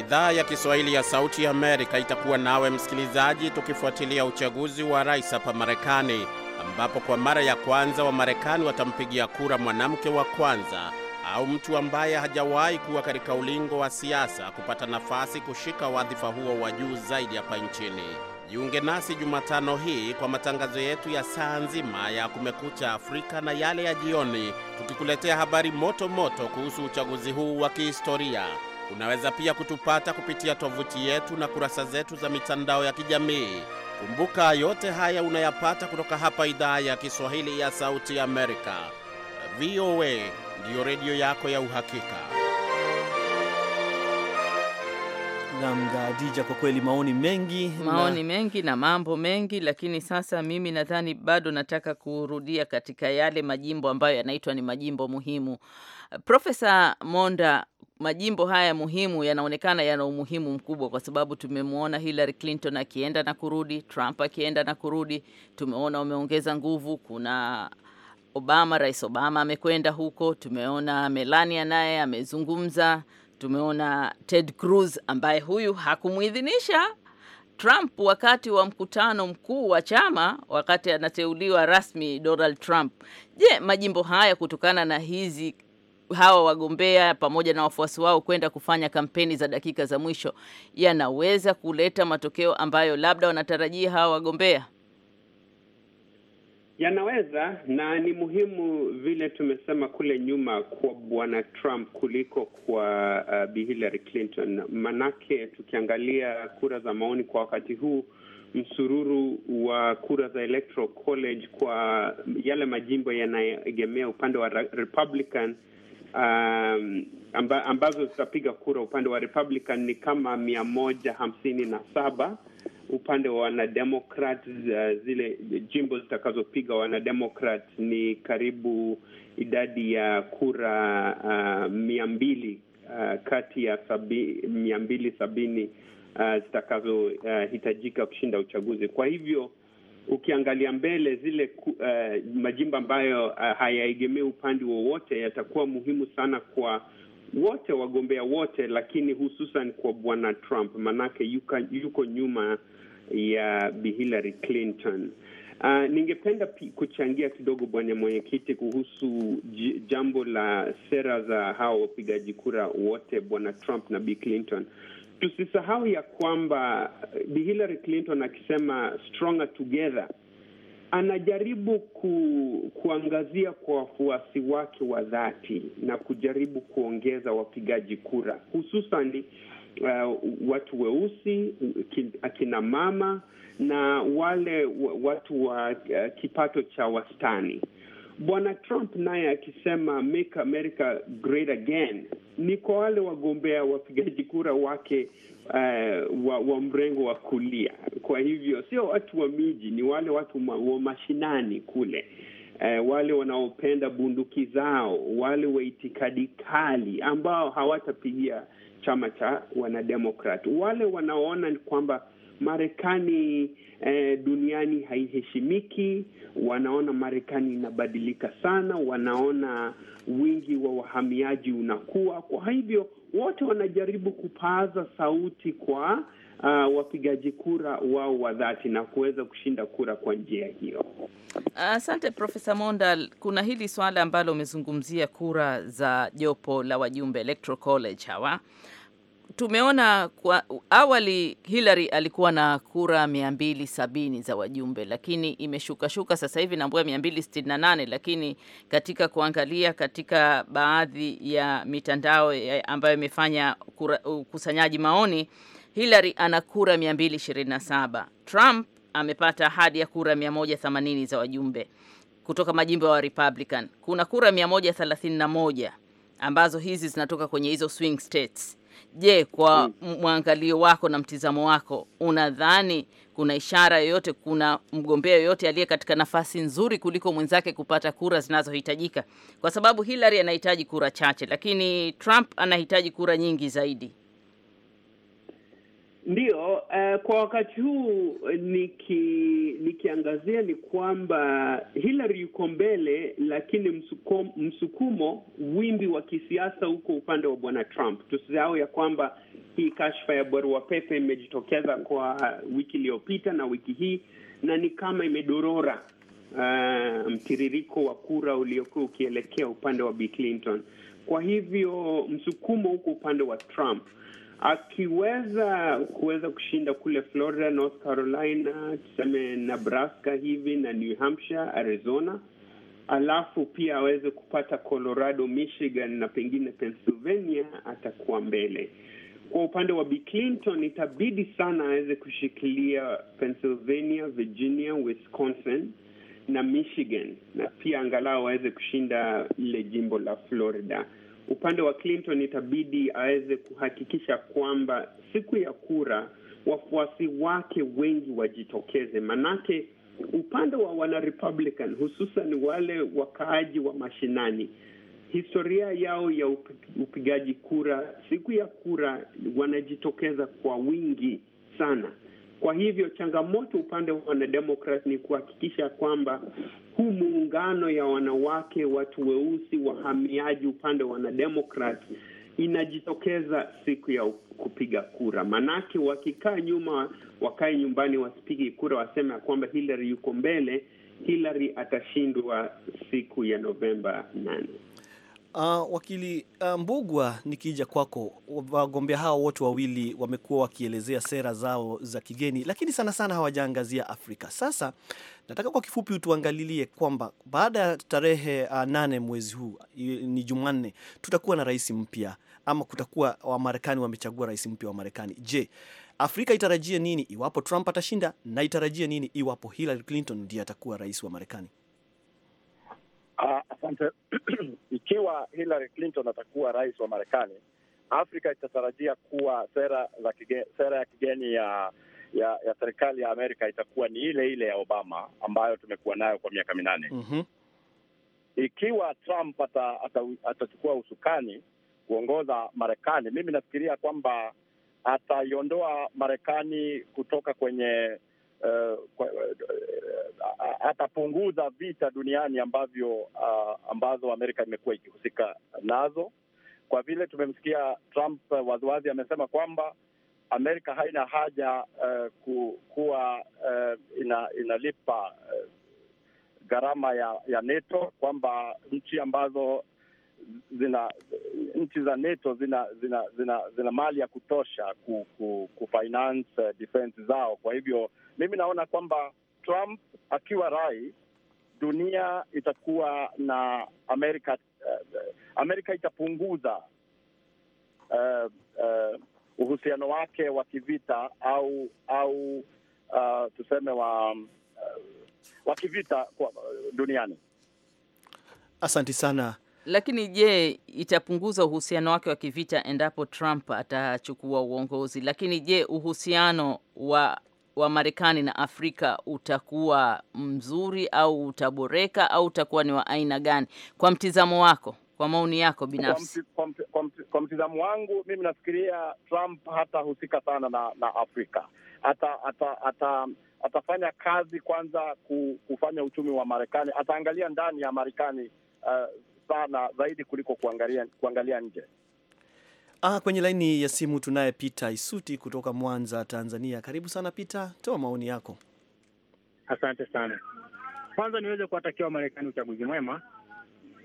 E: Idhaa ya Kiswahili ya Sauti ya Amerika itakuwa nawe msikilizaji, tukifuatilia uchaguzi wa rais hapa Marekani, ambapo kwa mara ya kwanza Wamarekani watampigia kura mwanamke wa kwanza au mtu ambaye hajawahi kuwa katika ulingo wa siasa kupata nafasi kushika wadhifa huo wa juu zaidi hapa nchini. Jiunge nasi Jumatano hii kwa matangazo yetu ya saa nzima ya Kumekucha Afrika na yale ya jioni, tukikuletea habari moto moto kuhusu uchaguzi huu wa kihistoria. Unaweza pia kutupata kupitia tovuti yetu na kurasa zetu za mitandao ya kijamii. Kumbuka, yote haya unayapata kutoka hapa idhaa ya Kiswahili ya Sauti Amerika. VOA ndiyo
B: redio yako ya uhakika.
A: Namgadija, kwa kweli maoni mengi, maoni na...
B: mengi na mambo mengi, lakini sasa mimi nadhani bado nataka kurudia katika yale majimbo ambayo yanaitwa ni majimbo muhimu. Profesa Monda, majimbo haya muhimu yanaonekana yana umuhimu mkubwa, kwa sababu tumemwona Hillary Clinton akienda na kurudi, Trump akienda na kurudi, tumeona wameongeza nguvu. Kuna Obama, Rais Obama amekwenda huko, tumeona Melania naye amezungumza, tumeona Ted Cruz ambaye huyu hakumuidhinisha Trump wakati wa mkutano mkuu wa chama wakati anateuliwa rasmi Donald Trump. Je, majimbo haya kutokana na hizi hawa wagombea pamoja na wafuasi wao kwenda kufanya kampeni za dakika za mwisho yanaweza kuleta matokeo ambayo labda wanatarajia hawa wagombea?
E: yanaweza na ni muhimu vile tumesema kule nyuma kwa bwana Trump kuliko kwa uh, Bi Hillary Clinton. Manake tukiangalia kura za maoni kwa wakati huu, msururu wa kura za Electoral College kwa yale majimbo yanayoegemea upande wa Republican um, amba, ambazo zitapiga kura upande wa Republican ni kama mia moja hamsini na saba upande wa wanademokrat uh, zile jimbo zitakazopiga wanademokrat ni karibu idadi ya kura uh, mia mbili uh, kati ya sabi, mia mbili sabini uh, zitakazohitajika uh, kushinda uchaguzi. Kwa hivyo ukiangalia mbele zile uh, majimbo ambayo uh, hayaegemei upande wowote yatakuwa muhimu sana kwa wote wagombea wote, lakini hususan kwa bwana Trump, manake yuka, yuko nyuma ya Bi Hillary Clinton. Uh, ningependa kuchangia kidogo bwana mwenyekiti, kuhusu jambo la sera za hawa wapigaji kura wote, bwana Trump na Bi Clinton. Tusisahau ya kwamba Bi Hillary Clinton akisema stronger together anajaribu ku, kuangazia kwa wafuasi wake wa dhati na kujaribu kuongeza wapigaji kura hususan uh, watu weusi, akina mama na wale watu wa uh, kipato cha wastani. Bwana Trump naye akisema make America great again, ni kwa wale wagombea wapigaji kura wake uh, wa, wa mrengo wa kulia. Kwa hivyo sio watu wa miji, ni wale watu ma, wa mashinani kule uh, wale wanaopenda bunduki zao, wale wa itikadi kali ambao hawatapigia chama cha wanademokrat, wale wanaoona kwamba Marekani eh, duniani haiheshimiki. Wanaona Marekani inabadilika sana, wanaona wingi wa wahamiaji unakuwa. Kwa hivyo wote wanajaribu kupaaza sauti kwa uh, wapigaji kura wao wa dhati na kuweza kushinda kura kwa njia hiyo.
B: Asante uh, Profesa Monda, kuna hili swala ambalo umezungumzia kura za jopo la wajumbe Electoral College hawa tumeona kwa awali Hillary alikuwa na kura sabini za wajumbe, lakini imeshukashuka sasa hivi naambua nane lakini katika kuangalia katika baadhi ya mitandao ambayo imefanya ukusanyaji maoni, Hillary ana kura 227. Trump amepata hadi ya kura 180 za wajumbe kutoka majimbo wa Republican. Kuna kura 131 ambazo hizi zinatoka kwenye hizo swing states Je, kwa mm. mwangalio wako na mtizamo wako unadhani kuna ishara yoyote, kuna mgombea yoyote aliye katika nafasi nzuri kuliko mwenzake kupata kura zinazohitajika? Kwa sababu Hillary anahitaji kura chache, lakini Trump anahitaji kura nyingi zaidi.
E: Ndiyo, uh, eh, kwa wakati huu eh, niki, nikiangazia ni kwamba Hillary yuko mbele, lakini msuko, msukumo wimbi wa kisiasa huko upande wa bwana Trump. Tusisahau ya kwamba hii kashfa ya barua pepe imejitokeza kwa wiki iliyopita na wiki hii, na ni kama imedorora uh, mtiririko wa kura uliokuwa ukielekea upande wa Bi Clinton. Kwa hivyo msukumo huko upande wa Trump akiweza kuweza kushinda kule Florida, North Carolina, tuseme Nebraska hivi na New Hampshire, Arizona, alafu pia aweze kupata Colorado, Michigan na pengine Pennsylvania, atakuwa mbele. Kwa upande wa biclinton Clinton itabidi sana aweze kushikilia Pennsylvania, Virginia, Wisconsin na Michigan, na pia angalau aweze kushinda ile jimbo la Florida upande wa Clinton itabidi aweze kuhakikisha kwamba siku ya kura wafuasi wake wengi wajitokeze, manake upande wa wana hususan wale wakaaji wa mashinani, historia yao ya upigaji kura siku ya kura wanajitokeza kwa wingi sana kwa hivyo changamoto upande wa wanademokrat ni kuhakikisha kwamba huu muungano ya wanawake, watu weusi, wahamiaji upande wa wanademokrat inajitokeza siku ya kupiga kura. Maanake wakikaa nyuma, wakae nyumbani, wasipigi kura, waseme ya kwamba Hillary yuko mbele, Hillary atashindwa siku ya Novemba nane.
A: Uh, wakili uh, Mbugwa, nikija kwako, wagombea hao wote wawili wamekuwa wakielezea sera zao za kigeni, lakini sana sana hawajaangazia Afrika. Sasa nataka kwa kifupi utuangalilie kwamba baada ya tarehe uh, nane mwezi huu ni Jumanne, tutakuwa na rais mpya ama kutakuwa Wamarekani wamechagua rais mpya wa Marekani. Je, Afrika itarajie nini iwapo Trump atashinda na itarajie nini iwapo Hillary Clinton ndiye atakuwa rais wa Marekani?
C: ikiwa Hillary Clinton atakuwa rais wa Marekani, Afrika itatarajia kuwa sera za kige, sera ya kigeni ya ya, ya serikali ya Amerika itakuwa ni ile ile ya Obama ambayo tumekuwa nayo kwa miaka minane. mm -hmm. Ikiwa Trump atachukua ata, ata usukani kuongoza Marekani, mimi nafikiria kwamba ataiondoa Marekani kutoka kwenye Uh, uh, atapunguza vita duniani ambavyo uh, ambazo Amerika imekuwa ikihusika nazo, kwa vile tumemsikia Trump uh, waziwazi amesema kwamba Amerika haina haja uh, kuwa uh, ina, inalipa uh, gharama ya, ya NATO kwamba nchi ambazo zina nchi za NATO zina zina, zina, zina mali ya kutosha ku, ku, uh, defense zao. Kwa hivyo mimi naona kwamba Trump akiwa rai dunia itakuwa na Amerika, uh, eh, Amerika itapunguza uh, uh, uhusiano wake wa kivita au au uh, tuseme wa uh, wa kivita
A: kwa duniani. Asanti sana.
B: Lakini je, itapunguza uhusiano wake wa kivita endapo Trump atachukua uongozi? Lakini je, uhusiano wa wa Marekani na Afrika utakuwa mzuri au utaboreka au utakuwa ni wa aina gani kwa mtizamo wako, kwa maoni yako binafsi?
C: Kwa, mti, kwa, mti, kwa mtizamo wangu mimi nafikiria Trump hatahusika sana na, na Afrika ata, ata, ata atafanya kazi kwanza kufanya uchumi wa Marekani, ataangalia ndani ya Marekani uh, sana zaidi kuliko kuangalia, kuangalia nje.
A: Ah, kwenye laini ya simu tunaye Peter Isuti kutoka Mwanza, Tanzania. Karibu sana Peter, toa maoni yako. Asante sana.
G: Kwanza niweze kuwatakia Wamarekani uchaguzi mwema,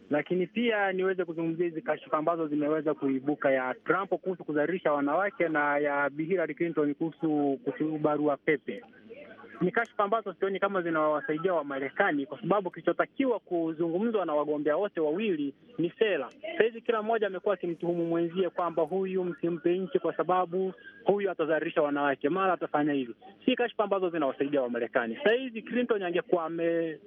A: lakini pia niweze kuzungumzia hizi kashifa
G: ambazo zimeweza kuibuka ya Trump kuhusu kudhalilisha wanawake na ya Bi Hillary Clinton kuhusu barua pepe ni kashfa ambazo sioni kama zinawasaidia Wamarekani, kwa sababu kilichotakiwa kuzungumzwa na wagombea wote wawili ni sera. Sahizi kila mmoja amekuwa akimtuhumu mwenzie kwamba huyu msimpe nchi kwa sababu huyu atazalisha wanawake, mara atafanya hivi. Si kashfa ambazo zinawasaidia Wamarekani. Sahizi Clinton angekuwa ame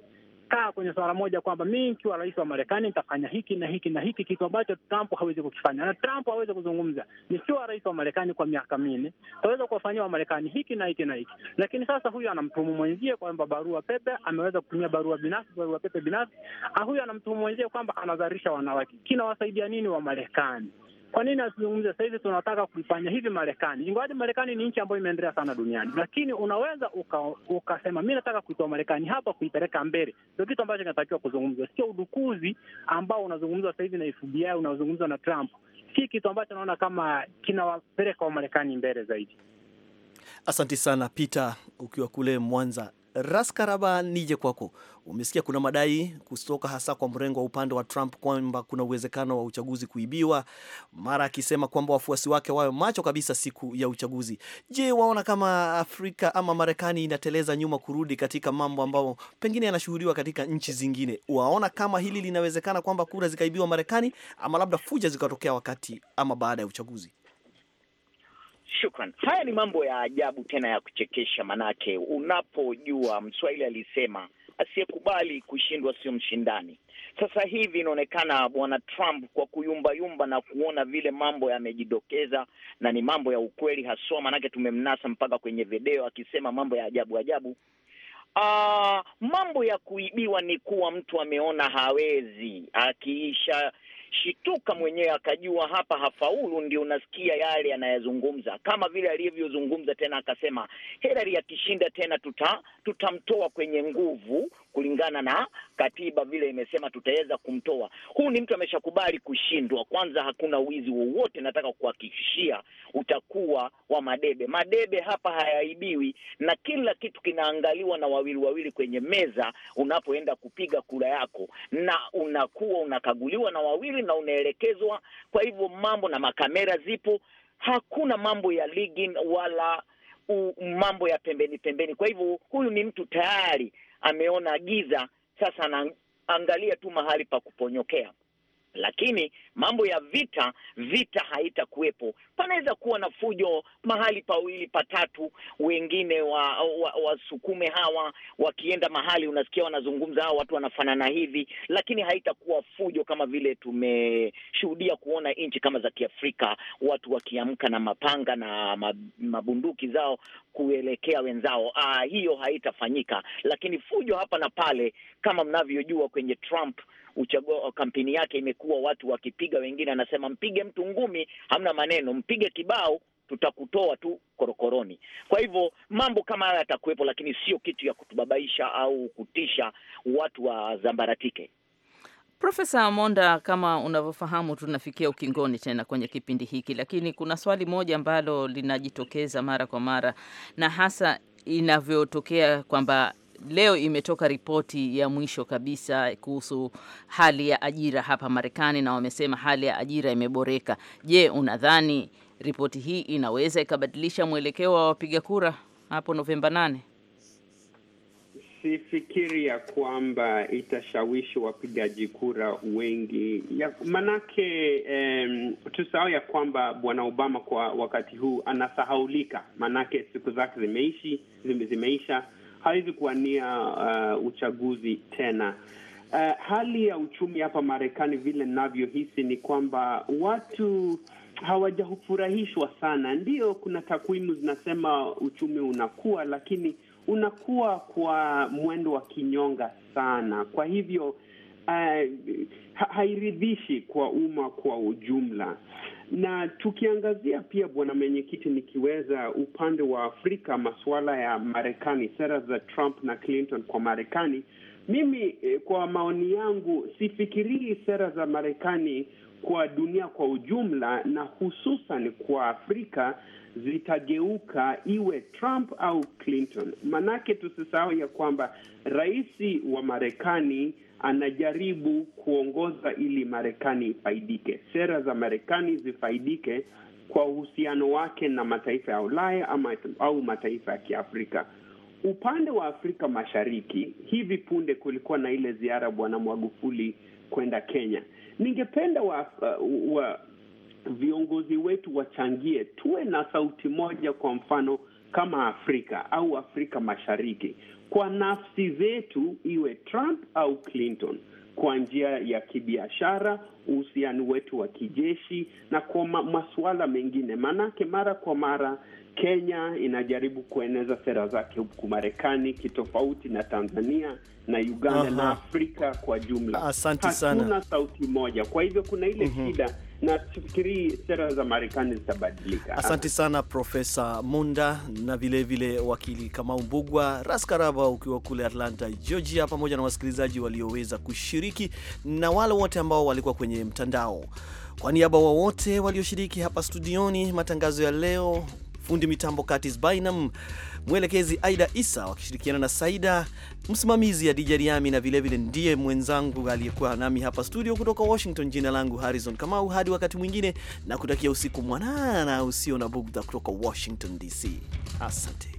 G: wamekaa kwenye swala moja kwamba mi nkiwa rais wa Marekani nitafanya hiki na hiki na hiki, kitu ambacho Trump hawezi kukifanya na Trump hawezi kuzungumza. Nikiwa rais wa Marekani kwa miaka minne taweza kuwafanyia Wamarekani hiki na hiki na hiki. Lakini sasa huyu anamtuhumu mwenzie kwamba barua pepe ameweza kutumia barua binafsi, barua pepe binafsi. Ah, huyu anamtuhumu mwenzie kwamba anadharisha wanawake. Kinawasaidia nini Wamarekani? Kwa nini asizungumze sahizi Tunataka kuifanya hivi Marekani, ingawaje Marekani ni nchi ambayo imeendelea sana duniani, lakini unaweza ukasema uka mi nataka kuitoa Marekani hapa kuipeleka mbele. Ndio kitu ambacho kinatakiwa kuzungumzwa, sio udukuzi ambao unazungumzwa sahizi na FBI, unaozungumzwa na Trump. Si kitu ambacho naona kama kinawapeleka Wamarekani mbele zaidi.
A: Asante sana Peter, ukiwa kule Mwanza. Raskaraba, nije kwako. Umesikia kuna madai kutoka hasa kwa mrengo wa upande wa Trump kwamba kuna uwezekano wa uchaguzi kuibiwa, mara akisema kwamba wafuasi wake wawe macho kabisa siku ya uchaguzi. Je, waona kama Afrika ama Marekani inateleza nyuma kurudi katika mambo ambayo pengine yanashuhudiwa katika nchi zingine? Waona kama hili linawezekana kwamba kura zikaibiwa Marekani, ama labda fuja zikatokea wakati ama baada ya uchaguzi?
D: Shukran. Haya ni mambo ya ajabu tena ya kuchekesha, manake unapojua, Mswahili alisema asiyekubali kushindwa sio mshindani. Sasa hivi inaonekana bwana Trump kwa kuyumbayumba na kuona vile mambo yamejidokeza, na ni mambo ya ukweli haswa, manake tumemnasa mpaka kwenye video akisema mambo ya ajabu ajabu. Aa, ah, mambo ya kuibiwa ni kuwa mtu ameona hawezi, akiisha shituka mwenyewe akajua hapa hafaulu, ndio unasikia yale yanayazungumza, kama vile alivyozungumza tena, akasema Hillary akishinda tena tuta tutamtoa kwenye nguvu kulingana na katiba vile imesema, tutaweza kumtoa. Huu ni mtu ameshakubali kushindwa. Kwanza hakuna wizi wowote, nataka kuhakikishia utakuwa wa madebe. Madebe hapa hayaibiwi, na kila kitu kinaangaliwa na wawili wawili kwenye meza unapoenda kupiga kura yako, na unakuwa unakaguliwa na wawili na unaelekezwa. Kwa hivyo mambo na makamera zipo, hakuna mambo ya ligi wala u, mambo ya pembeni pembeni. Kwa hivyo huyu ni mtu tayari ameona giza, sasa anaangalia tu mahali pa kuponyokea lakini mambo ya vita vita haitakuwepo. Panaweza kuwa na fujo mahali pawili patatu, wengine wasukume wa, wa hawa wakienda mahali unasikia wanazungumza hawa watu wanafanana hivi, lakini haitakuwa fujo kama vile tumeshuhudia kuona nchi kama za Kiafrika, watu wakiamka na mapanga na mabunduki zao kuelekea wenzao. Aa, ah, hiyo haitafanyika, lakini fujo hapa na pale kama mnavyojua kwenye Trump uchaguo, kampeni yake imekuwa watu wakipiga, wengine anasema mpige mtu ngumi, hamna maneno, mpige kibao tutakutoa tu korokoroni. Kwa hivyo mambo kama haya yatakuwepo, lakini sio kitu ya kutubabaisha au kutisha watu wazambaratike.
B: Profesa monda kama unavyofahamu, tunafikia ukingoni tena kwenye kipindi hiki, lakini kuna swali moja ambalo linajitokeza mara kwa mara na hasa inavyotokea kwamba leo imetoka ripoti ya mwisho kabisa kuhusu hali ya ajira hapa Marekani, na wamesema hali ya ajira imeboreka. Je, unadhani ripoti hii inaweza ikabadilisha mwelekeo wa wapiga kura hapo Novemba nane?
E: Sifikiri ya kwamba itashawishi wapigaji kura wengi ya, manake um, tusahau ya kwamba bwana Obama kwa wakati huu anasahaulika, manake siku zake zimeishi zime, zimeisha hawezi kuwania uh, uchaguzi tena. Uh, hali ya uchumi hapa Marekani vile ninavyohisi ni kwamba watu hawajafurahishwa sana. Ndio, kuna takwimu zinasema uchumi unakuwa, lakini unakuwa kwa mwendo wa kinyonga sana. Kwa hivyo uh, hairidhishi kwa umma kwa ujumla na tukiangazia pia, bwana mwenyekiti, nikiweza upande wa Afrika, masuala ya Marekani, sera za Trump na Clinton kwa Marekani, mimi eh, kwa maoni yangu sifikirii sera za Marekani kwa dunia kwa ujumla na hususan kwa Afrika zitageuka iwe Trump au Clinton. Manake tusisahau ya kwamba rais wa Marekani anajaribu kuongoza ili Marekani ifaidike, sera za Marekani zifaidike kwa uhusiano wake na mataifa ya Ulaya ama au mataifa ya Kiafrika. Upande wa Afrika Mashariki, hivi punde kulikuwa na ile ziara Bwana Magufuli kwenda Kenya. Ningependa wa, uh, wa viongozi wetu wachangie, tuwe na sauti moja, kwa mfano kama Afrika au Afrika Mashariki, kwa nafsi zetu, iwe Trump au Clinton, kwa njia ya kibiashara, uhusiano wetu wa kijeshi na kwa masuala mengine. Maanake mara kwa mara Kenya inajaribu kueneza sera zake huku Marekani, kitofauti na Tanzania na Uganda Aha. na Afrika kwa jumla. Asante sana. Hatuna sauti moja, kwa hivyo kuna ile mhm. shida mm -hmm nafikiri sera za Marekani zitabadilika. Asante
A: sana Profesa Munda na vilevile vile wakili Kamau Mbugwa Raskaraba, ukiwa kule Atlanta, Georgia, pamoja na wasikilizaji walioweza kushiriki na wale wote ambao walikuwa kwenye mtandao. Kwa niaba wa wote walioshiriki hapa studioni matangazo ya leo, fundi mitambo Curtis Bynum mwelekezi Aida Isa wakishirikiana na Saida, msimamizi ya DJ Riami, na vilevile ndiye mwenzangu aliyekuwa nami hapa studio kutoka Washington. Jina langu Harrison Kamau, hadi wakati mwingine na kutakia usiku mwanana usio na bugdha kutoka Washington DC. Asante.